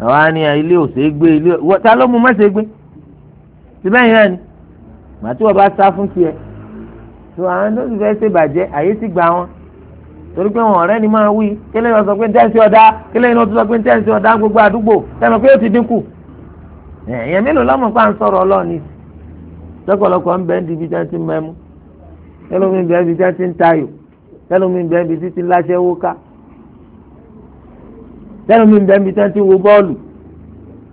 àwọn àníyàn ilé ò ṣeé gbé ilé wọ́n ta ló mú má ṣe gbé síbẹ̀ yẹn ni màtí wọ́n bá sá fún tiẹ̀ tó àwọn tó ti fẹ́ ṣe bàjẹ́ àyè sì gbà wọn torí pé wọn ọ̀rẹ́ ni máa wí kílẹ̀ yìí wọ́n sọ pé tẹ́sí ọ̀dá kílẹ̀ yìí wọ́n sọ pé tẹ́sí ọ̀dá gbogbo àdúgbò tẹ́lẹ̀ pé ó ti dínkù ẹ̀yẹ mélòó lọ́mọ pa ń sọ̀rọ̀ ọlọ́ọ̀ni lọ́pọ̀lọpọ̀ ń bẹ́ẹ̀ ń dibi jẹ́ ti mẹ́mú ẹlòmíì bẹ́ẹ̀ ibi tí wọ́n ti ń tayò ẹlòmíì bẹ́ẹ̀ ibi tí ti láṣẹ́wó ká ẹlòmíì bẹ́ẹ̀ ibi tí wọ́n ti wo bọ́ọ̀lù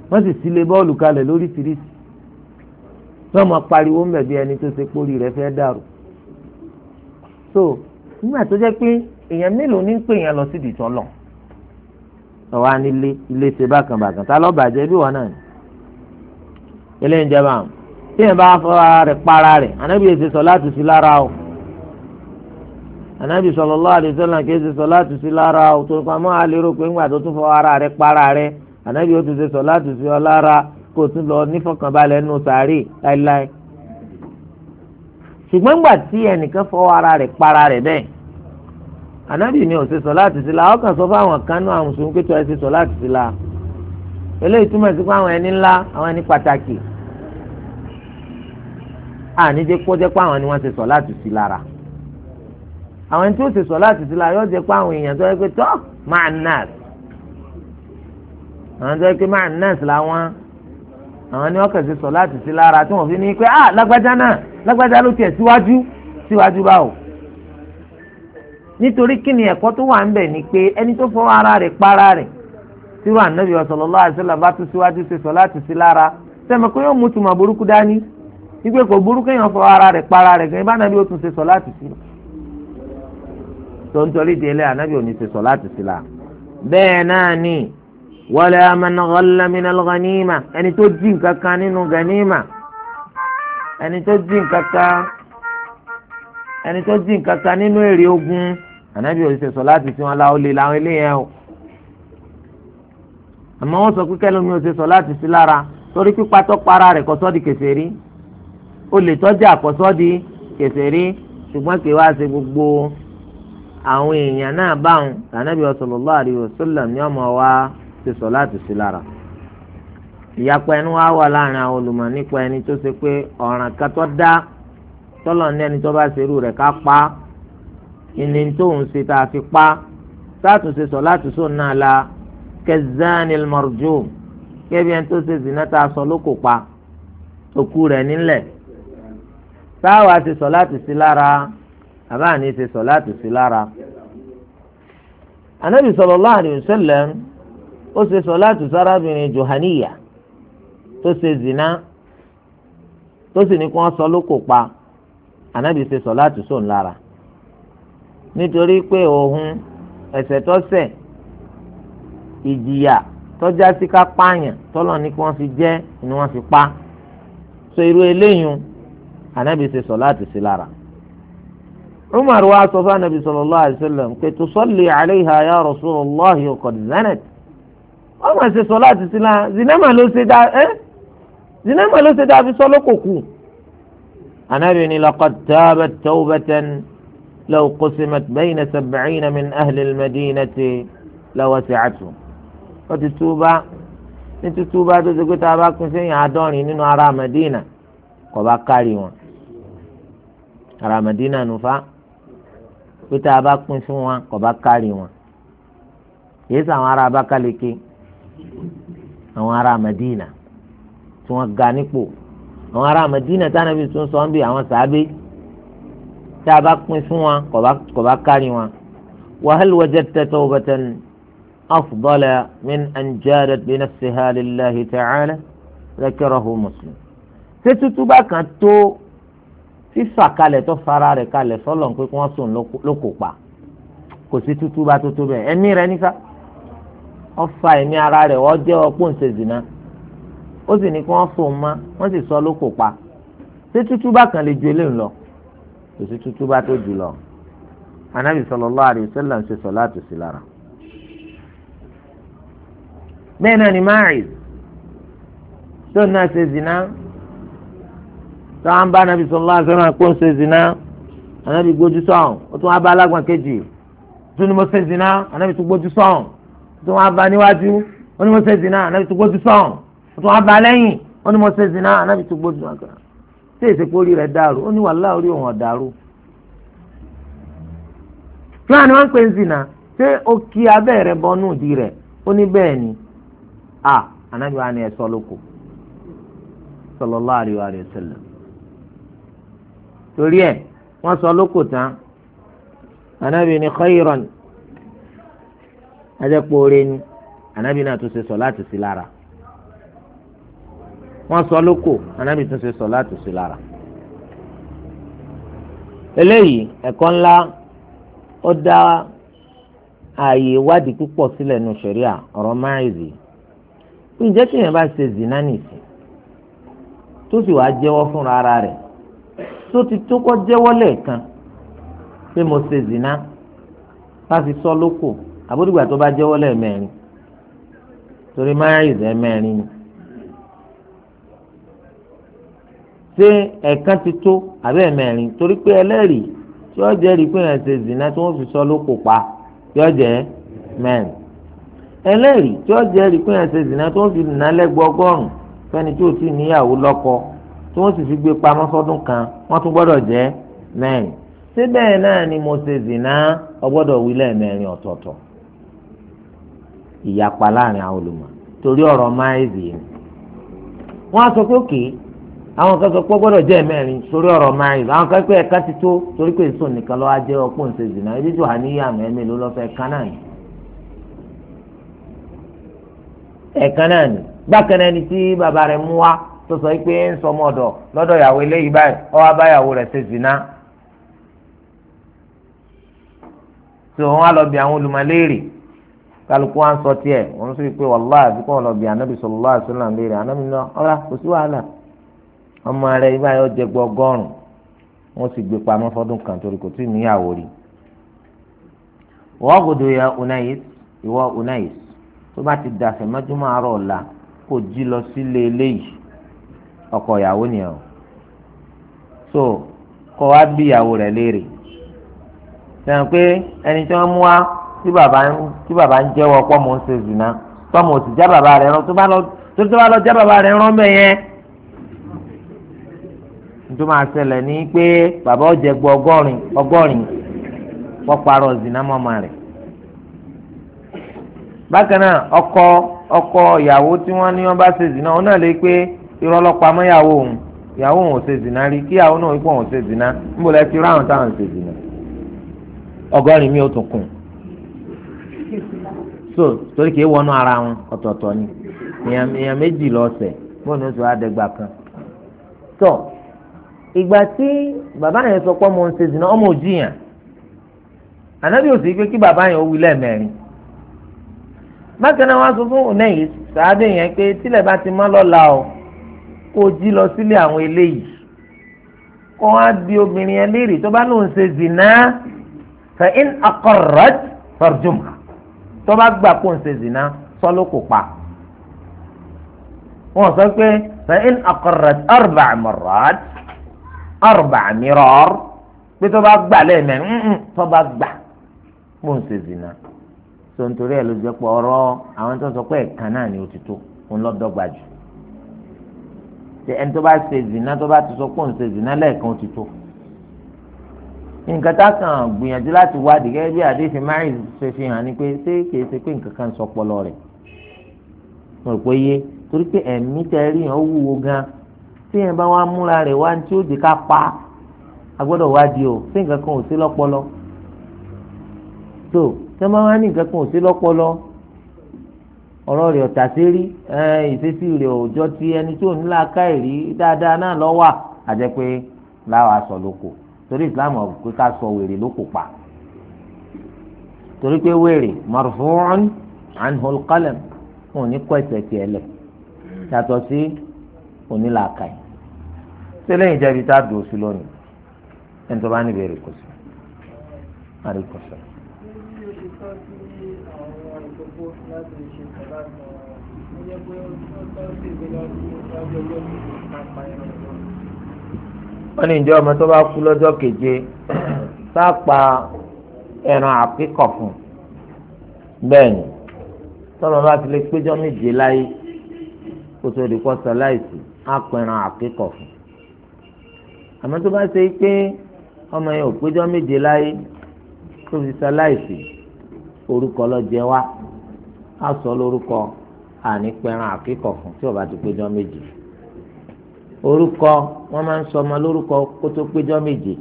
wọ́n sì sílé bọ́ọ̀lù kalẹ̀ lóríṣiríṣi wọ́n máa pariwo mẹ̀bí ẹni tó ṣe pórí rẹ̀ fẹ́ dàrú so nígbà tó jẹ́ pé èèyàn mélòó ní ń pè yẹn lọ sí ìdìtọ́ lọ ọwọ́ á nílé ilé ṣe bákan bákan tá lọ́ọ́ bàjẹ́ bí wọn náà ni eléyìí jẹ́ báwọn tí yẹn bá fọra rẹ̀ para rẹ̀ anabi èsì sọ̀láàtù sí lára o anabi sallallahu alaihi wasallam kì í ṣe sọ̀láàtù sí lára o tó pamọ́ àlérò pé ńgbà tó tún fọ ara rẹ̀ para rẹ̀ anabi ó ti ṣe sọ̀láàtù sí ọ lára kó tún lọ nífọ̀kànbalẹ̀ nù sàárè láéláé ṣùgbọ́n ńgbà tí ẹnìkan fọ ara rẹ̀ para rẹ̀ bẹ́ẹ̀ anabi ni ò ṣe sọ̀láàtù sí la ọkàn sọ fáwọn kan àwọn mùsùlùmí pé tó ẹ ṣe sọ̀láàtù sí la eléyìí túmọ̀ sí pé àwọn ẹni ńlá àwọn ẹni pàtàkì àní jẹ́ kó jẹ́ pé àwọn ni sọ láti sí lára àwọn tí ó sọ láti sí lára yóò jẹ́ pé àwọn èèyàn tó yẹ pé máa àwọn tó yẹ pé máa làwọn àwọn ni wọ́n kàn sọ láti sí lára tí wọ́n fi ní pé ah lágbájá náà lágbájá ló tiẹ̀ síwájú síwájú báwo nítorí kí ẹ̀kọ́ tó wà ń bẹ̀ ni pé ẹni wípé kò burú kéèyàn fọ ara rẹ̀ para rẹ̀ gan-an ìbánabi ó tún ṣe sọ láti sí tó ń torí di ẹlẹ́yà ànábì ò ní ṣe sọ láti sí la bẹ́ẹ̀ náà ni wala man ghalla ẹni tó jí nǹkan nínú ghanima ẹni tó jí nǹkan ẹni tó jí nǹkan nínú èrè ogun ànábì ò ní ṣe sọ láti sí wọn la ó làwọn eléyẹn o àmọ́ wọ́n sọ pé kẹ́lómi ò ṣe sọ láti sí lára torí pípa tó para rẹ̀ kọ́ sọ́ di kèfèrí o lè tọ́jú àkọ́sọ́ di kèfèrí ṣùgbọ́n kì í wá ṣe gbogbo àwọn èèyàn náà báwọn ànábì sallallahu alaihi wasallam ní ọmọ wa ti sọ láti sí lára ìyapa ẹnu wa wà láàrin àwọn olùmọ̀ nípa ẹni tó ṣe pé ọ̀ràn kan tó dá tọ́lọ̀ ní ẹni tó bá ṣerú rẹ̀ ká pa ìní tóun ṣe tá a fi pa sátúnṣe sọ láti sóun náà la kazanil marjum kébí ẹni tó ṣe zìnnà tá a sọ lókò pa òkú rẹ̀ nílẹ̀ sáwà ti sọ láti sí lára àbáàní ti sọ láti sí lára. anabi sallallahu alayhi wa sallam ó ṣe sọ láti sárábìnrin johaniya tó ṣe zina tó sì ní kí wọ́n sọ lóko pa anabi ṣe sọ láti sóun lára nítorí pé òun ẹ̀ṣẹ̀ tó ṣẹ̀ ìjìyà tọ́já sí ká pààyàn tọ́lọ́ ní kí wọ́n fi jẹ́ ni wọ́n fi pa so irú eléyìí anabi ṣe sọláàtì sí lára umar wa sọ fún anabi sallallahu alaihi wasallam pé tusalli alaiha ya rasulullahi qad zanat wọn máa ṣe sọláàtì sí lára zinama ló ṣe dá ẹ zinama ló ṣe dá fi sọ lókòkù anabi ni laqad tabat tawbatan law qusimat bayna sab'ina min ahli al-madinati lawasi'atuhum ó ti túbá ní túbá tó ṣe pé tá a bá pín sẹ́yìn àádọ́rin nínú ará Madina kò bá kárí wọn ará Madina nufa pé tá a bá pín fún wọn kò bá kárí wọn yìí sọ àwọn ará Abakaliki àwọn ará Madina tí wọ́n ga nípò àwọn ará Madina tánàbí tún sọ ń bí àwọn sàábé tá a bá fún wọn kò bá wọn. wa hal wajadta tawbatan afdala min an jadat bi nafsiha lillahi ta'ala zakarahu Muslim. ṣé kan tó sísàkalẹ̀ tó fara rẹ̀ kalẹ̀ sọ́lọ̀ ń pé kí wọ́n sùn ló kò pa kò sí tútú bá tútú bẹ́ẹ̀ ẹ̀mí rẹ̀ nífà wọ́n fa ẹ̀mí ara rẹ̀ wọ́n jẹ́ ọpọ́ ń ṣe zìnà ó sì ní kí wọ́n fò mọ́ wọ́n sì sọ ló kò pa sí tútú bá kan lè ju eléyìí lọ kò sí tútú bá tó jù lọ anabi sallallahu alaihi wasallam ń ṣe sàlátù sí lára bẹ́ẹ̀ náà ni máàrì tó táwọn bá nàbì sallallahu alaihi wasallam kó ń ṣe zina ànábì gbójú sọ̀hún ó tún wá bá alágbọ̀n kejì tún ni mo ṣe zina ànábì tún gbójú sọ̀hún ó tún wá bá níwájú ó ní mo ṣe zina ànábì tún gbójú sọ̀hún ó tún wá bá lẹ́yìn ó ní mo ṣe zina ànábì tún gbójú sọ̀hún tí èsì pórí rẹ̀ dàrú ó ní wàhálà orí òun ọ̀dàrú. kí wọ́n á ní wọ́n ń pè ń zina ṣé o kí abẹ́ rẹ̀ bọ́nú ìdí rẹ̀ ó ní bẹ́ẹ̀ ni à ànábì wa ni ẹ̀ sọ́ lóko sallallahu alaihi wa sallam torí ẹ̀ wọ́n sọ lóko tán anabi ni khayran ajẹ́pọ̀ọ́rẹ́ ni anabi náà tún ṣe sọ láti sí lára wọ́n sọ lóko anabi tún ṣe sọ láti sí lára eléyìí ẹ̀kọ́ ńlá ó dá ààyè ìwádìí púpọ̀ sílẹ̀ nù sẹ̀ríà ọ̀rọ̀ máàzì ǹjẹ́ tí yẹn bá ṣe zìnnà tó sì wàá jẹ́wọ́ fúnra rẹ̀ só ti tó kọ́ jẹ́wọ́ lẹ́ẹ̀kan pé mo ṣe zina láti sọ lóko àbódìgbà tó bá jẹ́wọ́ lẹ́ẹ̀mẹ́rin torí márùn ẹ̀mẹ́rin ni ṣé ẹ̀ẹ̀kan ti tó àbẹ́ ẹ̀mẹ́rin torí pé ẹlẹ́rìí tí wọ́n jẹ́rìí pé yẹn ṣe zina tí wọ́n fi sọ lóko pa yọ jẹ́ mẹ́rin ẹlẹ́rìí tí wọ́n jẹ́rìí pé yẹn ṣe zina tí wọ́n fi nà lẹ́gbọ̀ọ́gọ́rùn-ún fẹ́ni tí ò tí níyàwó lọ́kọ tí wọ́n sì fi gbé pamọ́ fọ́dún kan wọ́n tún gbọ́dọ̀ jẹ́ mẹ́rin síbẹ̀ náà ni mo ṣe zìnà ọgbọ́dọ̀ wí lẹ́ẹ̀mẹ́rin ọ̀tọ̀ọ̀tọ̀ ìyapa láàrin àwọn olùmọ̀ torí ọ̀rọ̀ máìzì ni wọ́n á sọ pé àwọn kan sọ pé ọgbọ́dọ̀ torí ọ̀rọ̀ máìzì àwọn kan ẹ̀ka ti torí pé nìkan lọ́wọ́ á jẹ́ ọpọ́ zìnà tó sọ pé ń sọmọ ọ̀dọ̀ lọ́dọ̀ ìyàwó eléyìí báyìí ó wá bá ìyàwó rẹ̀ ṣe zina tó wọn á lọ bí àwọn olùmọ̀léèrè kálukú wa ń sọ tiẹ̀ wọn sọ pé wàllá àti kò wọn lọ bí anabi sallallahu alaihi wasallam léèrè anabi náà ọlá kò sí wàhálà ọmọ rẹ̀ ibà yóò jẹ gbọ ọgọ́rùn wọn sì gbé pamọ́ fọ́dún kan torí kò tí ì níyàwó rí wọ́n gòdò ya unais ìwọ unais tó bá ti dàfẹ́ mẹ́jọ́ máa rọ̀ ọ̀la kò jí lọ sílé eléyìí ọkọ ìyàwó ni o so kọ wá bí ìyàwó rẹ̀ léèrè sẹ́yìn pé ẹni tí wọ́n mú wá tí bàbá ń jẹ́wọ́ ń ṣe zùnà pọ́ mò já bàbá rẹ rán tó lọ tó bá lọ já bàbá rẹ rán bẹ́ẹ̀ yẹn nítorí máa ṣẹlẹ̀ ní pé bàbá ọ̀jẹ̀ gbọ́ ọgọ́rin ọgọ́rin wọ́n parọ́ zùnà mọ́mọ́ rẹ̀ bákan ọkọ ọkọ ìyàwó tí wọ́n ní wọ́n bá ṣe irọ́ ọlọ́pàá òun ìyàwó òun ò ṣe zìnà rí kí náà wípé òun ṣe mi ò tún so torí kìí ara wọn ọ̀tọ̀ọ̀tọ̀ ni èèyàn méjì lọ́sẹ̀ bó ni ó sọ adẹ́gbà kan tọ́ ìgbà tí bàbá yẹn sọ pé ọmọ ń ṣe zìnà ọmọ ànábì ò sì pé kí bàbá yẹn ó wí lẹ́ẹ̀mẹ́rin bákan náà wọ́n á sọ o. kó jí lọ sílé àwọn eléyìí kó wá di obìnrin yẹn léèrè tó bá lóun ṣe zìnà fa in aqarrat farjumha tó bá gbà kó ń ṣe zìnà sọ́ló kò pa wọ́n sọ pé fa in aqarrat arba'a marrat arba'a mirar pé tó bá gbà lẹ́ẹ̀mẹ́rin mm, mm, tó bá gbà kó ń ṣe zìnà tó ń ló jẹ́ pé ọ̀rọ̀ àwọn tó sọ pé ẹ̀ka náà ni ó ti tó ń jù ṣe ẹni tó bá ṣe zina tó bá ti sọ pé òun ṣe zina lẹ́ẹ̀kan ti tó nǹkan tá kàn gbìyànjú láti wádìí gẹ́gẹ́ bí àdéhìí márùn ṣe fi hàn ni pé ṣé kìí ṣe pé nǹkan kan sọ pọlọ rẹ̀ mo rò pé yé torí pé ẹ̀mí tẹ yẹn ó wúwo gan tí yẹn bá wá múra rẹ̀ wá tí ó di ká pa a gbọ́dọ̀ wádìí o sí nǹkan kan ò sí lọ́pọlọ tó tẹ́ bá wá ní nǹkan kan ò sí lọ́pọlọ ọ̀rọ̀ rẹ̀ ọ̀tà sí rí ìṣesí rẹ̀ òòjọ́ ti ẹni tí ò ní láàká ìrí dáadáa náà lọ́ wà àjẹ́ pé láwa sọ lóko torí islam ọ̀ pé ká sọ wèrè lóko pa torí pé wèrè marfu'un anhul qalam wọn ò ní kọ́ ẹsẹ̀ tiẹ̀ lẹ̀ yàtọ̀ sí onílàákà yìí sẹ́lẹ̀ ìjẹ́bi tá a dùn sí lónìí ẹni tó bá níbi èrè kò sí kó láti lè ṣe kàlá àgbà ó yẹ pé ó tọ́ sí ìgbéyàwó ìwájú ọjọ́ ìpàpà ẹ̀rọ wọ́n ní ìjọ ọmọ tó bá kú lọ́jọ́ keje *clears throat* tá a pa ẹran àpíkọ̀ fún bẹ́ẹ̀ ni tọ́mọ bá ti lè péjọ́ méje láyé kó tó di kọ́ sọláìsì á pa ẹran àpíkọ̀ fún àmọ́ tó bá ṣe pé ọmọ yẹn ò péjọ́ méje láyé tó fi sọláìsì orúkọ lọ wá á sọ lórúkọ ànípẹ̀ràn àkíkọ̀ fún tí ó bá ti péjọ méje orúkọ wọn máa ń sọ ọmọ lórúkọ kó tó péjọ méje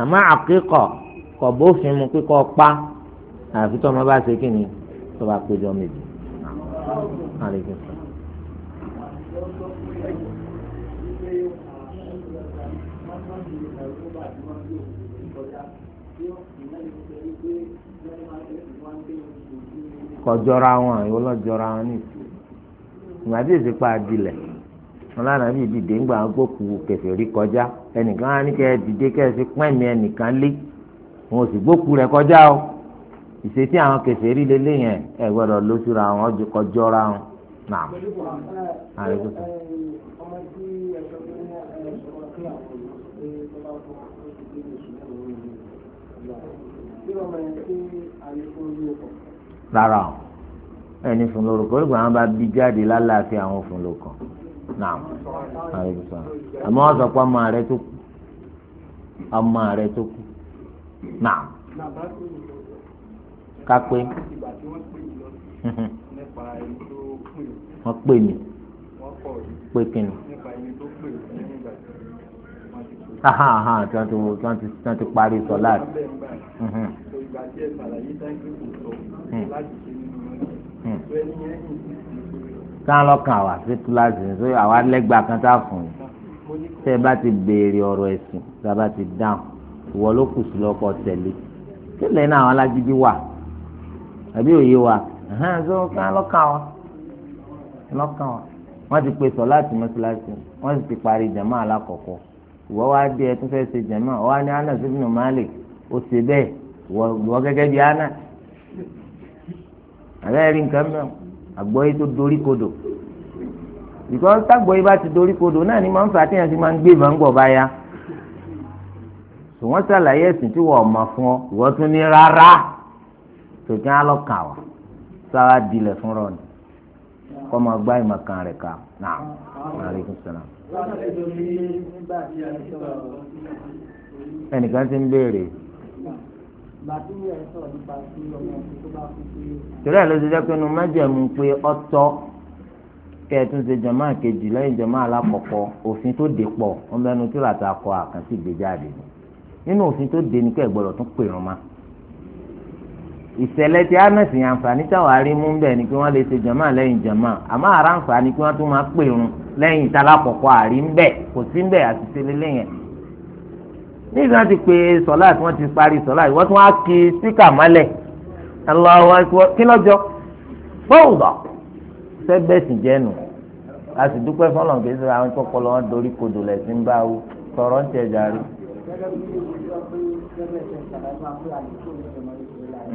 àmọ́ àkíkọ̀ kò bófin mu kíkọ́ pa àfi tí ọmọ bá ṣe kí tó bá péjọ méje. kọjọra wọn àyọ lọjọra wọn ní ìgbà tí èsì pa adilẹ wọn bí ńgbà kẹfẹ rí kọjá ẹnìkan á ní kẹ dìde pẹ́ẹ́mì ẹnìkan lé wọn ò sì rẹ kọjá o ìṣesí àwọn kẹfẹ rí lélẹ̀ yẹn ẹ lóṣùra wọn kọjọra wọn náà. rárá o ẹni fún lórúkọ ìgbà wọn bá bí jáde lálàáfíà àwọn fún lókàn náà àrègbèsọ àmọ́ wọn sọ pé ọmọ rẹ tó kù ọmọ rẹ tó kù náà kápé *laughs* wọn pè mí pé kíni ahan ahan tí wọ́n ti wo tí wọ́n ti tí wọ́n ti parí sọ́lá. sáà mhm. hmm. hmm. lọ́kàn wà sí kíláàsì ní sóyè àwa lẹ́gbàá kan tá a fún yín tẹ́ ẹ bá ti béèrè ọ̀rọ̀ ẹ̀sìn tá a bá ti dáhùn ìwọ ló kù sí lọ́kọ̀ tẹ̀lé kílẹ̀ náà àwọn alágídí wà àbí òye wa ṣé wọ́n lọ́kàn wa lọ́kàn wa wọ́n ti pe sọ láti mọ́síláṣí wọ́n sì ti parí jàmá alákọ̀ọ́kọ́ ìwọ wá dé ẹ tún fẹ́ ṣe jẹ̀mọ́ ọ wá ní Anas ibn Malik ó ṣe bẹ́ẹ̀ ìwọ gẹ́gẹ́ bí Anas àbẹ́ rí nǹkan mọ́ àgbọ̀yé tó dorí kodò because tágbọ̀yé bá ti dorí kodò náà ni máa ń fà tí yẹn ti máa ń gbé ìbọn gbọ̀ bá ya wọ́n ṣàlàyé ẹ̀sìn tí wọ́n mọ̀ fún ọ ìwọ tún ní rárá tòkí á lọ kà wá sára dilẹ̀ fúnra ọ̀nà kọ́ máa gbá ìmọ̀ kan rẹ̀ ká náà. Wa alaikum salaam ẹnìkan ti ń béèrè. torí ẹ̀ ló ti jẹ́ pé inú májẹ̀mú pé ọ̀tọ̀ kẹ́ẹ̀tún ṣe jọ̀mọ́ àkejì lẹ́yìn jọ̀mọ́ alákọ̀ọ́kọ́ òfin tó dé pọ̀ ọmọ ẹnu tí làtà kọ àkàntì gbé jáde nínú òfin tó dé ni kẹ́ ẹ̀ gbọ́dọ̀ tún pè wọ́n máa ìṣẹ̀lẹ̀ tí anẹ́sì àǹfààní táwọn arímú ń bẹ̀ ni pé wọ́n lè ṣe jàmá lẹ́yìn jàmá àmọ́ ara àǹfààní pé wọ́n tún máa pèrun lẹ́yìn ìtàlákọ̀kọ́ àrí ń bẹ̀ kò sí ń bẹ̀ àṣìṣe lélẹ́yìn. nígbà wọn ti pe sọlá tí wọn ti parí sọlá ìwọ́n tún wá kí síkà mọ́lẹ̀ aláwọ̀ kí lọ́jọ́ bọ́ọ̀dọ̀ ṣẹ́ bẹ́sì jẹ́nu a dúpẹ́ fọlọ́n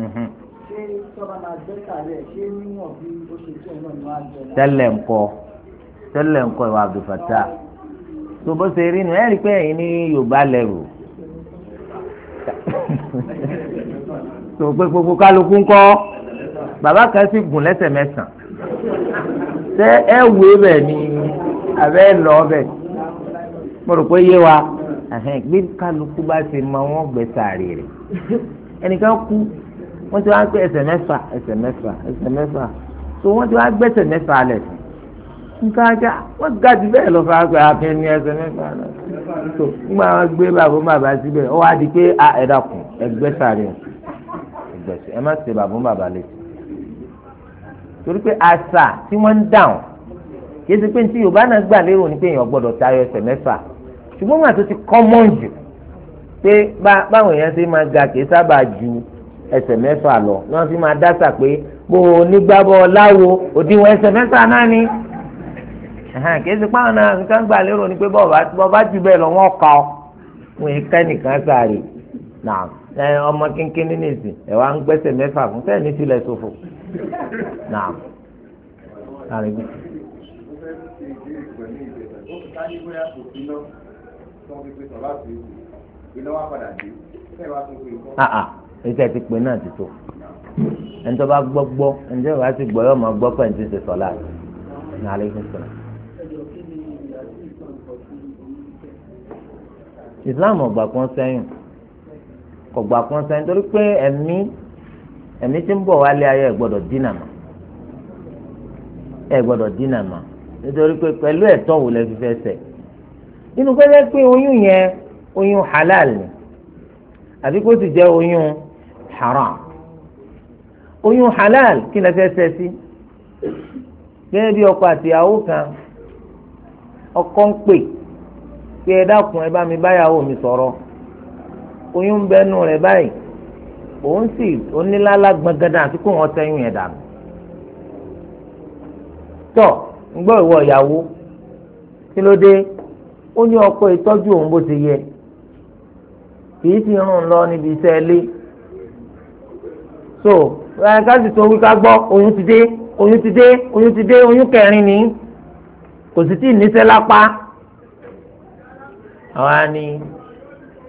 Mhm. ṣé tọ́ba máa gbé kalẹ̀ ṣé níwọ̀n bí ó ṣe tó náà ni wọ́n á jẹ náà. tẹ́lẹ̀ ńkọ́ tẹ́lẹ̀ ńkọ́ ìwà àbùfàtà tó bó ṣe rí nu ẹ rí i pé ẹ̀yin ní Yorùbá lẹ́rù tó *laughs* pé gbogbo kálukú ńkọ́ bàbá kan sì gùn lẹ́sẹ̀ mẹ́sàn-án ṣé ẹ wé bẹ̀ ni lọ bẹ̀ mo rò pé yé wa gbé kálukú bá ṣe mọ wọn gbé sàárè rẹ̀ ẹnìkan kú wọ́n ti wá gbé ẹsẹ̀ mẹ́fà ẹsẹ̀ mẹ́fà ẹsẹ̀ mẹ́fà tó wọ́n ti wá gbé ẹsẹ̀ mẹ́fà lẹ̀ nǹkan ajá wọ́n ga jù bẹ́ẹ̀ lọ fà gbé abẹ́ ní ẹsẹ̀ mẹ́fà lọ tó nígbà wọn gbé bàbá bàbá síbẹ̀ ó wá di pé a ẹ̀dá kù ẹgbẹ́ sàrẹ̀ ẹgbẹ́sẹ̀ ẹ má ṣe bàbá bàbá lẹ̀ torí pé àṣà tí wọ́n ń dáhùn kìí ṣe pé ní ti Yorùbá náà gbà lérò ní pé èèyàn gbọ́dọ̀ tayọ ẹsẹ̀ mẹ́fà ṣùgbọ́n wọn àti ti kọ́mọ́ọ̀jù pé báwọn èèyàn ṣe máa ga kìí sábà ju ẹsẹ̀ mẹ́fà lọ ni wọ́n fi máa dásà pé bó o nígbàbọ̀ láwo òdiwọ̀n ẹsẹ̀ mẹ́fà náà ni kìí ṣe náà nǹkan gbà lérò ni pé bọ́ọ̀bá jù bẹ́ẹ̀ lọ wọ́n kọ́ wọn yìí ká nìkan sáré náà ọmọ kínkínní nìsín ẹ wá ń gbẹ́sẹ̀ mẹ́fà fún sẹ́ni sílẹ̀ ṣòfò ní sọ̀rọ̀ àti dé níta ti pè náà ti tó ẹni tó bá gbọ́ gbọ́ ẹni tó bá ti gbọ́ yóò máa gbọ́ pẹ̀lú ti ṣe sọ́lá rẹ̀ ní alẹ́ fún sọ́lá. Islam ọ̀gbà kan sẹ́yìn ọ̀gbà kan sẹ́yìn torí pé ẹ̀mí ẹ̀mí tí ń bọ̀ wálé ayé ẹ̀ gbọ́dọ̀ dínà mọ́ ẹ̀ gbọ́dọ̀ dínà mọ́ nítorí pé pẹ̀lú ẹ̀tọ́ wò lẹ fi fẹ́ ṣe nínú pẹ́ẹ́lẹ́ pé oyún yẹn oyún halal ni àbí kó sì jẹ́ oyún haram oyún halal kí lè fẹ́ fẹ́ sí gẹ́gẹ́ bí ọkọ àtìyàwó kan ọkọ ń pè pé ẹ dákun ẹ bá mi báyàwó mi sọ̀rọ̀ oyún bẹnu rẹ̀ báyìí òun sì onílàlà gbọ̀ngàdà àti kó wọn sẹ́yìn yẹn dànù tọ́ ń ìwọ ìyàwó kí ló dé ó ní ọkọ ìtọ́jú òun bó ti yẹ kì í rún so ẹ káàsì tó wí ká gbọ́ oyún ti dé oyún ti dé oyún ti dé oyún kẹrin ni kò sì tí ì níṣẹ́ lápá àwa ni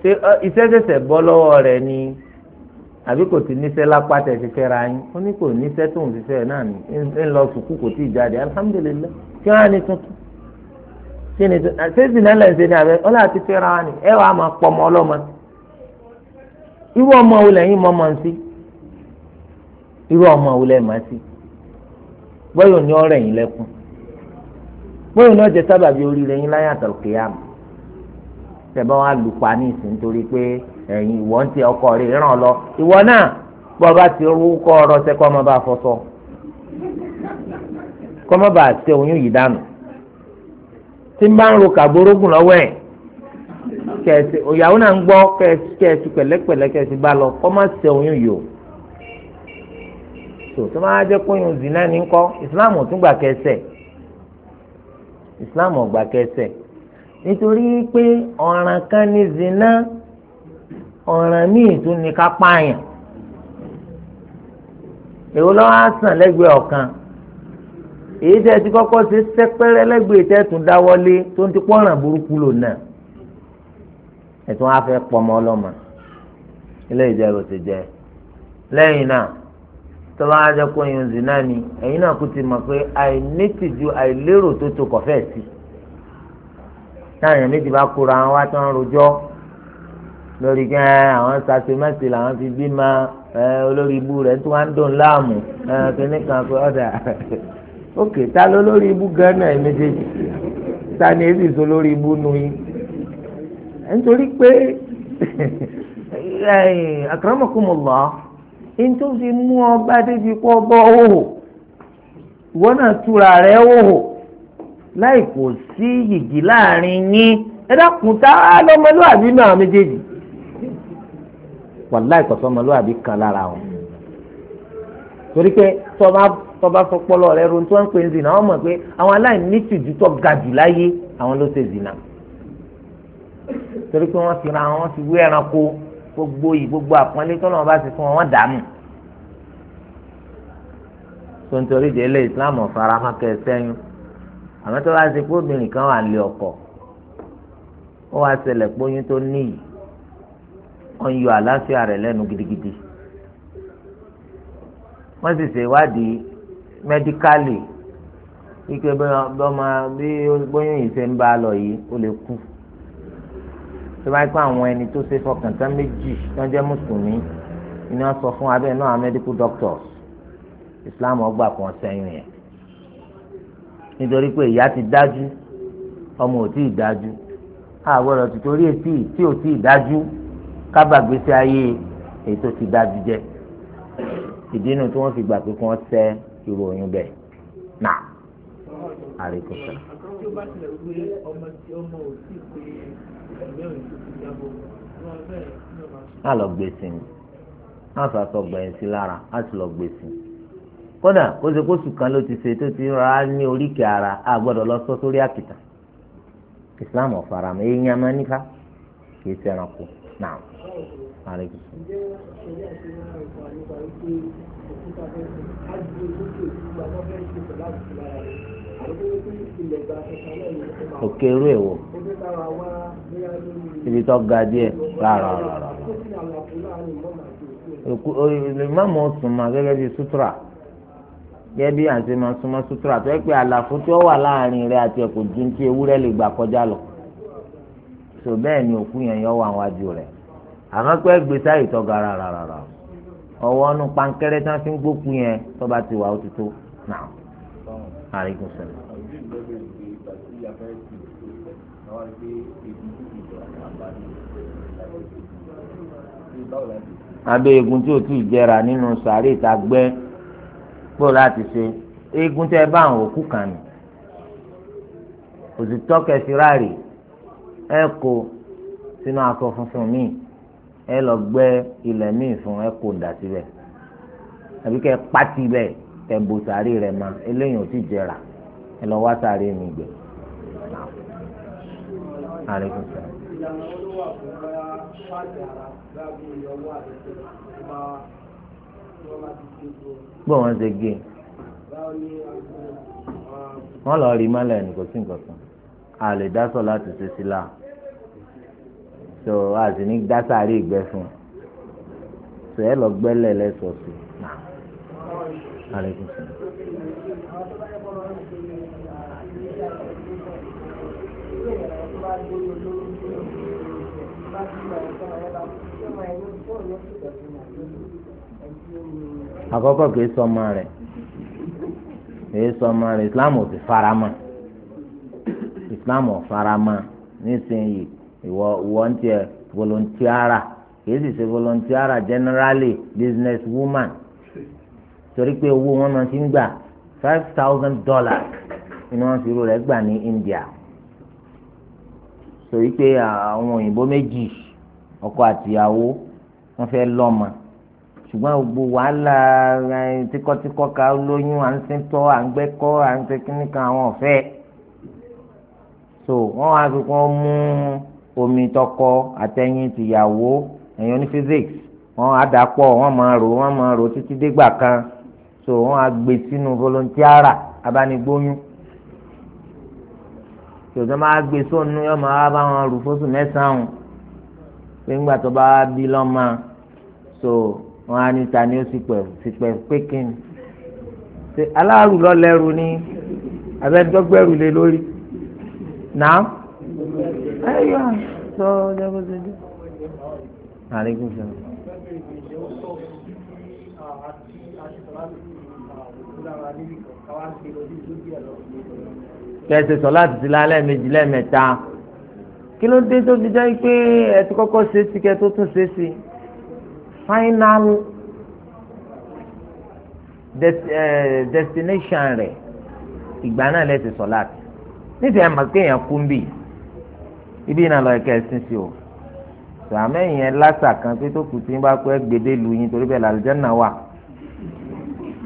ṣé iṣẹ́ ṣẹ̀ṣẹ̀ bọ́ lọ́wọ́ rẹ̀ ni àbí kò ti níṣẹ́ lápá tẹ̀ fi fẹ́ra yín ó ní kò níṣẹ́ tó ń fífẹ́ náà ni ń lọ sùkú kò tí ì jáde alhamdulilayi kí wọ́n á ní tuntun kí ni tuntun ṣé ìsìn náà lẹ́sẹ̀ ní abẹ́ ọ́n láti fẹ́ra wa ni ẹ wàá máa pọ̀ ọmọ ọlọ́mọ irú ọmọ wo lẹ́yìn mọ́ sí. irú ọmọ wo lẹ́ẹ̀ máa sí bọ́yọ̀ ní ọ̀rẹ́ yín lẹ́kùn bọ́yọ̀ ní ọ̀jẹ̀ sábàbí oríire yín láyé àtàlùkìyàm tẹ̀bá wa lù pa ní ìsìn nítorí pé ẹyin ìwọ ń ti ọkọ rẹ̀ ràn lọ ìwọ náà bá ti rú kọ́ ọ̀rọ̀ sẹ́kọ́ ọmọ bá fọ́sọ́ kọ́ ọmọ bá ṣe oyún yìí dànù tí ń bá ń ro kàgbórógùn òyàwó náà ń lọ ọmọ oyún o. so tó máa zina ní kọ́ islam tún gbà kẹsẹ̀ islam gbà kan ní zina ọ̀ràn míì tún ní ká èwo lọ́wọ́ á lẹ́gbẹ̀ẹ́ ọ̀kan èyí tẹ́ ti kọ́kọ́ ṣe sẹ́pẹ́rẹ́ lẹ́gbẹ̀ẹ́ tẹ́ tún dáwọ́lé tó ń ti burúkú lò náà ẹ̀tún á fẹ́ ọlọ́mọ ilé ìjẹ́ ló ti tọ́lá ajá kó yín zì náà ni ẹ̀yin náà kú ti mọ̀ pé àìnítìjú àìlérò tó tó kọ̀fẹ́ sí táyà méjì bá kóra àwọn wá tán rojọ́ lórí kẹ́ àwọn sase mẹ́sì làwọn fi bí ma olórí ibu rẹ̀ tó wá ń dùn láàmú kíní kan pé ọ̀dà ókè *laughs* ta ló lórí ibu gan náà méjèèjì ta ni èsì so lórí ibu nu yín nítorí pé *laughs* akramakumullah nítorí fi mú ọba débi pọ̀ bọ́ òhò ìwọ náà túra rẹ̀ òhò láì kò sí yìgì láàrin yín ẹ dákun tá a lọ́mọlúwàbí náà méjèèjì wàláì kọ̀sọ́ ọmọlúwàbí kan lára wọn torí pé tọ́ba tọ́ba fọpọlọ rẹ ronú tí wọ́n ń pè ń zina wọ́n mọ̀ pé àwọn aláìníṣùjú tó ga jù láyé àwọn ló ṣe zina torí pé wọ́n ti ra wọn ti wé ẹranko gbogbo yìí gbogbo àpọ́nlé tọ́lọ́wọ́n bá ti fún wọn wọ́n dààmú. tó ń islam ọ̀farahàn kẹsẹ́yìn àmọ́ tó bá ti pé obìnrin kan wà lé ọkọ ó wá ṣẹlẹ̀ pọ́yún tó níyì wọ́n yọ àlàáfíà rẹ̀ lẹ́nu gidigidi wọ́n sì ṣe ìwádìí mẹ́díkálì wípé bọ́mọ bí bóyún yìí ṣe ń bá a lọ yìí ó lè kú tó bá kó àwọn ẹni tó ṣe fọkàn tán méjì tó ń jẹ́ mùsùlùmí iná sọ fún abẹ́ náà medical doctors islam ọgbà kan sẹ́yìn yẹn nítorí pé ìyá ti dájú ọmọ ò tí ì dájú àwọ̀rọ̀ tìtorí etí tí ò tí ì dájú kábàgbèsè ayé èyí tó ti dájú jẹ ìdínú tí wọ́n fi gbà pé kí wọ́n sẹ́ ìròyìn bẹ́ẹ̀ náà àríkùsọ. á lọ gbèsè ni a fà sọ gbẹ̀yìn sí lára sì lọ gbèsè kódà kó ṣe kóṣù kan ló ti ṣe tó ti rà ní ara lọ sọ sórí Islam ọ̀farama èèyàn máa nífa kì í ṣẹranko e náà àlejò. ibi tó ga díẹ̀ rárá rárá ìmáàmù súnmọ́ gẹ́gẹ́ bí sutura gẹ́gẹ́ bí àǹtí máa súnmọ́ sutura tó yẹ pé àlàfo tí ó wà láàrin rẹ̀ àti ẹ̀kọ́ ju ti ewúrẹ́ lè gbà kọjá lọ tó bẹ́ẹ̀ ni òkú yẹn yọ wà wájú rẹ̀ àmọ́ pé gbèsè àìtọ́ gara rárá ọwọ́ nu pankẹ́rẹ́ tí wọ́n fi ń gbókù yẹn tó bá ti wà ó ti tó náà àríkùn abe egun tí o ti jẹrà nínú sàárè ìta gbẹ́ pọ̀ láti ṣe egun tẹ́ bá àwọn òkú kan nù òtítọ́ kẹsìrárì ẹ kó sínú aṣọ funfun míì ẹ lọ gbẹ́ ilẹ̀ míì fún ẹ kó dà síbẹ̀ àbí kẹ́ pátì bẹ́ẹ̀ kẹ́ bo sàárè rẹ̀ ma eléyìí ò ti jẹrà ẹ lọ wá sàárè mi gbẹ. Aleykum salaam ìlànà olówó àbúrò pàdé ara gbàgbé ìyọwọ́ àdéhùn tó bá wọn bá ti dé gbó. gbọ́ wọn ṣe gé wọ́n lọ rí mọ́lẹ̀ ní kò sí nǹkan kan a lè dásọ̀ láti ṣe sílá so a sì ní dásàárì ìgbẹ́ fún un so ẹ lọ gbẹ́lẹ̀ lẹ́sọ̀ọ̀sì náà alaikum Thank you àkọ́kọ́ kìí sọmọ rẹ̀ kìí sọmọ rẹ̀ islam ò ti farama islam ò farama nísìnyí ìwọ ìwọ ń tiẹ̀ volontiara kìí sì ṣe volontiara generally business woman torí pé owó wọn máa ti ń gbà five thousand dollars ni wọ́n fi irú rẹ̀ gbà ní India sọ yìí pé àwọn òyìnbó méjì ọkọ àtìyàwó wọ́n fẹ́ lọ́mọ ṣùgbọ́n gbogbo wàhálà tíkọ́tíkọ́ ká lóyún à ń sẹ́ńtọ́ à ń gbẹ́kọ́ à ń tẹ kíní kan àwọn ọ̀fẹ́ so wọ́n wá fi kàn mú omi tọkọ àtẹ̀yìn tìyàwó ẹ̀yàn ní physics wọ́n á dà pọ̀ wọ́n máa rò wọ́n máa rò títí dégbà kan so wọ́n á gbé sínú volontiara abánigbóyún tòótọ́ máa gbé sóònù yọ máa bá wọn rù fóṣù mẹ́sàn-án pé ńgbà tó bá bí lọ́mọ so wọn á ní ta ni ó sì pẹ̀ sì pẹ̀ pékin ṣe aláàrù lọ́lẹ́rù ni abẹ́dọ́gbẹ́rù lé lórí nà ẹ̀yọ́ sọ ọjọ́ ṣe dé. Aleykum kẹsẹ sọ láti ti la lẹ́ẹ̀mejì lẹ́ẹ̀mẹ́ta kí ló dé tó fi jẹ́ pé ẹ ti ṣe sí kẹ tó tún ṣe sí final destination rẹ̀ ìgbà náà lẹ́sẹ̀ sọ láti níbi ẹ̀ mọ̀ kéèyàn kú ń ibi náà lọ́ọ́ kẹ́ ẹ sí sí o sàmẹ́yìn ẹ lásà kan pé tó kù tí ń bá pẹ́ gbèdé lu yín torí bẹ́ẹ̀ làlùjànnà wà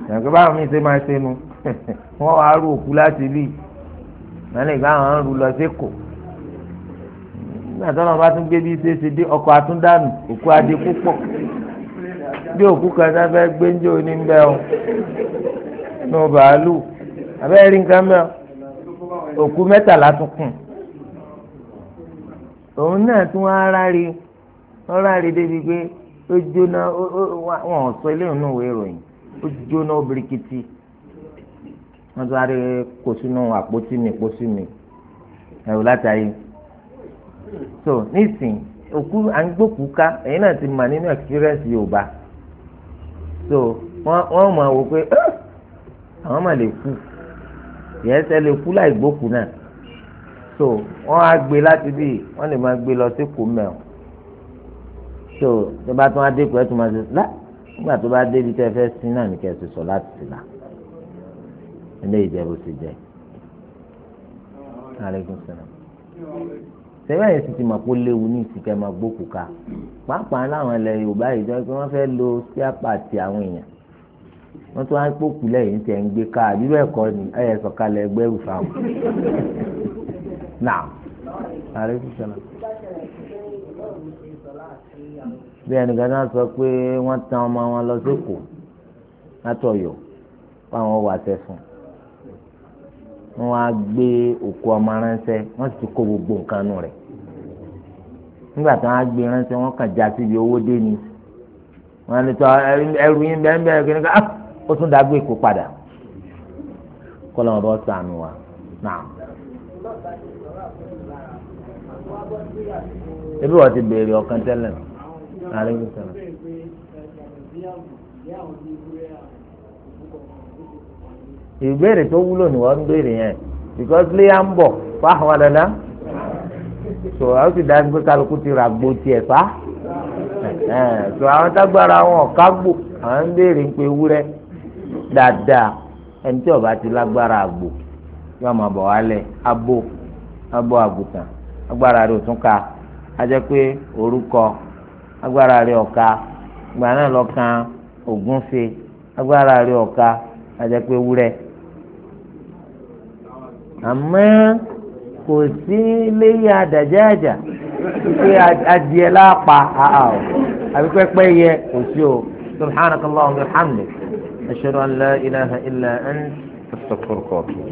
ìyàgbé báwọn mi ṣe máa ṣe nu *laughs* wọ́n wá rú òkú láti rí i mẹ́lẹ̀ ìgbà àwọn ń ru lọ sí kò nígbà tó lọ́wọ́ bá tún gbé bí ṣe ṣe dé ọkọ̀ àtúndànù òkú adé púpọ̀ bí òkú kan tá fẹ́ gbé ńjọ ní bẹ́ o ní bàálù abẹ́rẹ́ rí nǹkan mẹ́ ọ òkú mẹ́tàlá tún kùn òun náà tún wá rárí rárí débi pé ó jóná wọn ò sọ ilé ìnú ìwé ìròyìn ó jóná ó birikiti wọ́n tún sáré kó sínú àpótí mi kó sí mi ẹ̀rù látàrí so nísìn òkú à ń gbókù ká ẹ̀yin náà ti mà nínú experience Yorùbá so wọ́n mọ̀ wò pé àwọn mà lè kú yẹ́sẹ̀ lè kú láì gbókù náà so wọ́n á gbé láti bí wọ́n lè máa gbé lọ sí kò mẹ́ọ̀ so tó bá tún á pẹ́ tó máa ṣe lá nígbà tó bá débi tẹ́ fẹ́ sí náà ní kẹ́sì sọ láti sí ilé ìjẹ́bù ti jẹ́ aleykum salaam sẹ́yìn ẹ̀sìn ti mọ̀ pé ó léwu ní ìsìnkẹ́ máa gbókù ká pàápàá láwọn ilẹ̀ yorùbá ìjọ pé wọ́n fẹ́ lo spare part àwọn èèyàn wọ́n tún á gbókù lẹ́yìn tẹ̀ ń gbé ká àbíbẹ̀ ẹ̀kọ́ ni ẹ̀yẹ sọ̀kalẹ̀ ẹgbẹ́ ìfà wọn. náà aleykum salaam bí ẹnìkan náà sọ pé wọ́n tan ọmọ wọn lọ sí Èkó látọ̀yọ́ fáwọn wà sẹ́fún wọn á gbé òkú ọmọ ránṣẹ́ wọ́n sì ti kó gbogbo nǹkan nù rẹ̀ nígbà tí wọ́n á gbé ránṣẹ́ wọ́n kàn já síbi owó dé ni wọn á lè tọ́ ẹrù yín bẹ́ẹ̀ bẹ́ẹ̀ kí ni ká ah! ó tún dàgbé kó padà lọ́wọ́ bọ́ sànù wa náà. ebi wọ́n ti béèrè ọ̀kan tẹ́lẹ̀ náà. ìbéèrè tó wúlò ni wọ́n ń béèrè yẹn because lè à ń bọ̀ fáwọn so àwọn ti dájú pé kálukú ti gbo tiẹ̀ so àwọn tágbára wọn ọ̀ká gbò àwọn ń béèrè ń pe ewúrẹ́ dáadáa ẹni tí ọba ti lágbára àgbò yóò máa bọ̀ wálẹ̀ abo abo agbára ò tún ka a jẹ́ pé orúkọ agbára rẹ̀ ọ̀ka gbà lọ́kàn àmọ́ kò sí léyà àdàjáàjà pé adìẹ lápá àá o àbí pẹ́pẹ́ yẹ kò sí o subhanakallahumma wa bihamdik ashhadu an la ilaha illa ant astaghfiruka.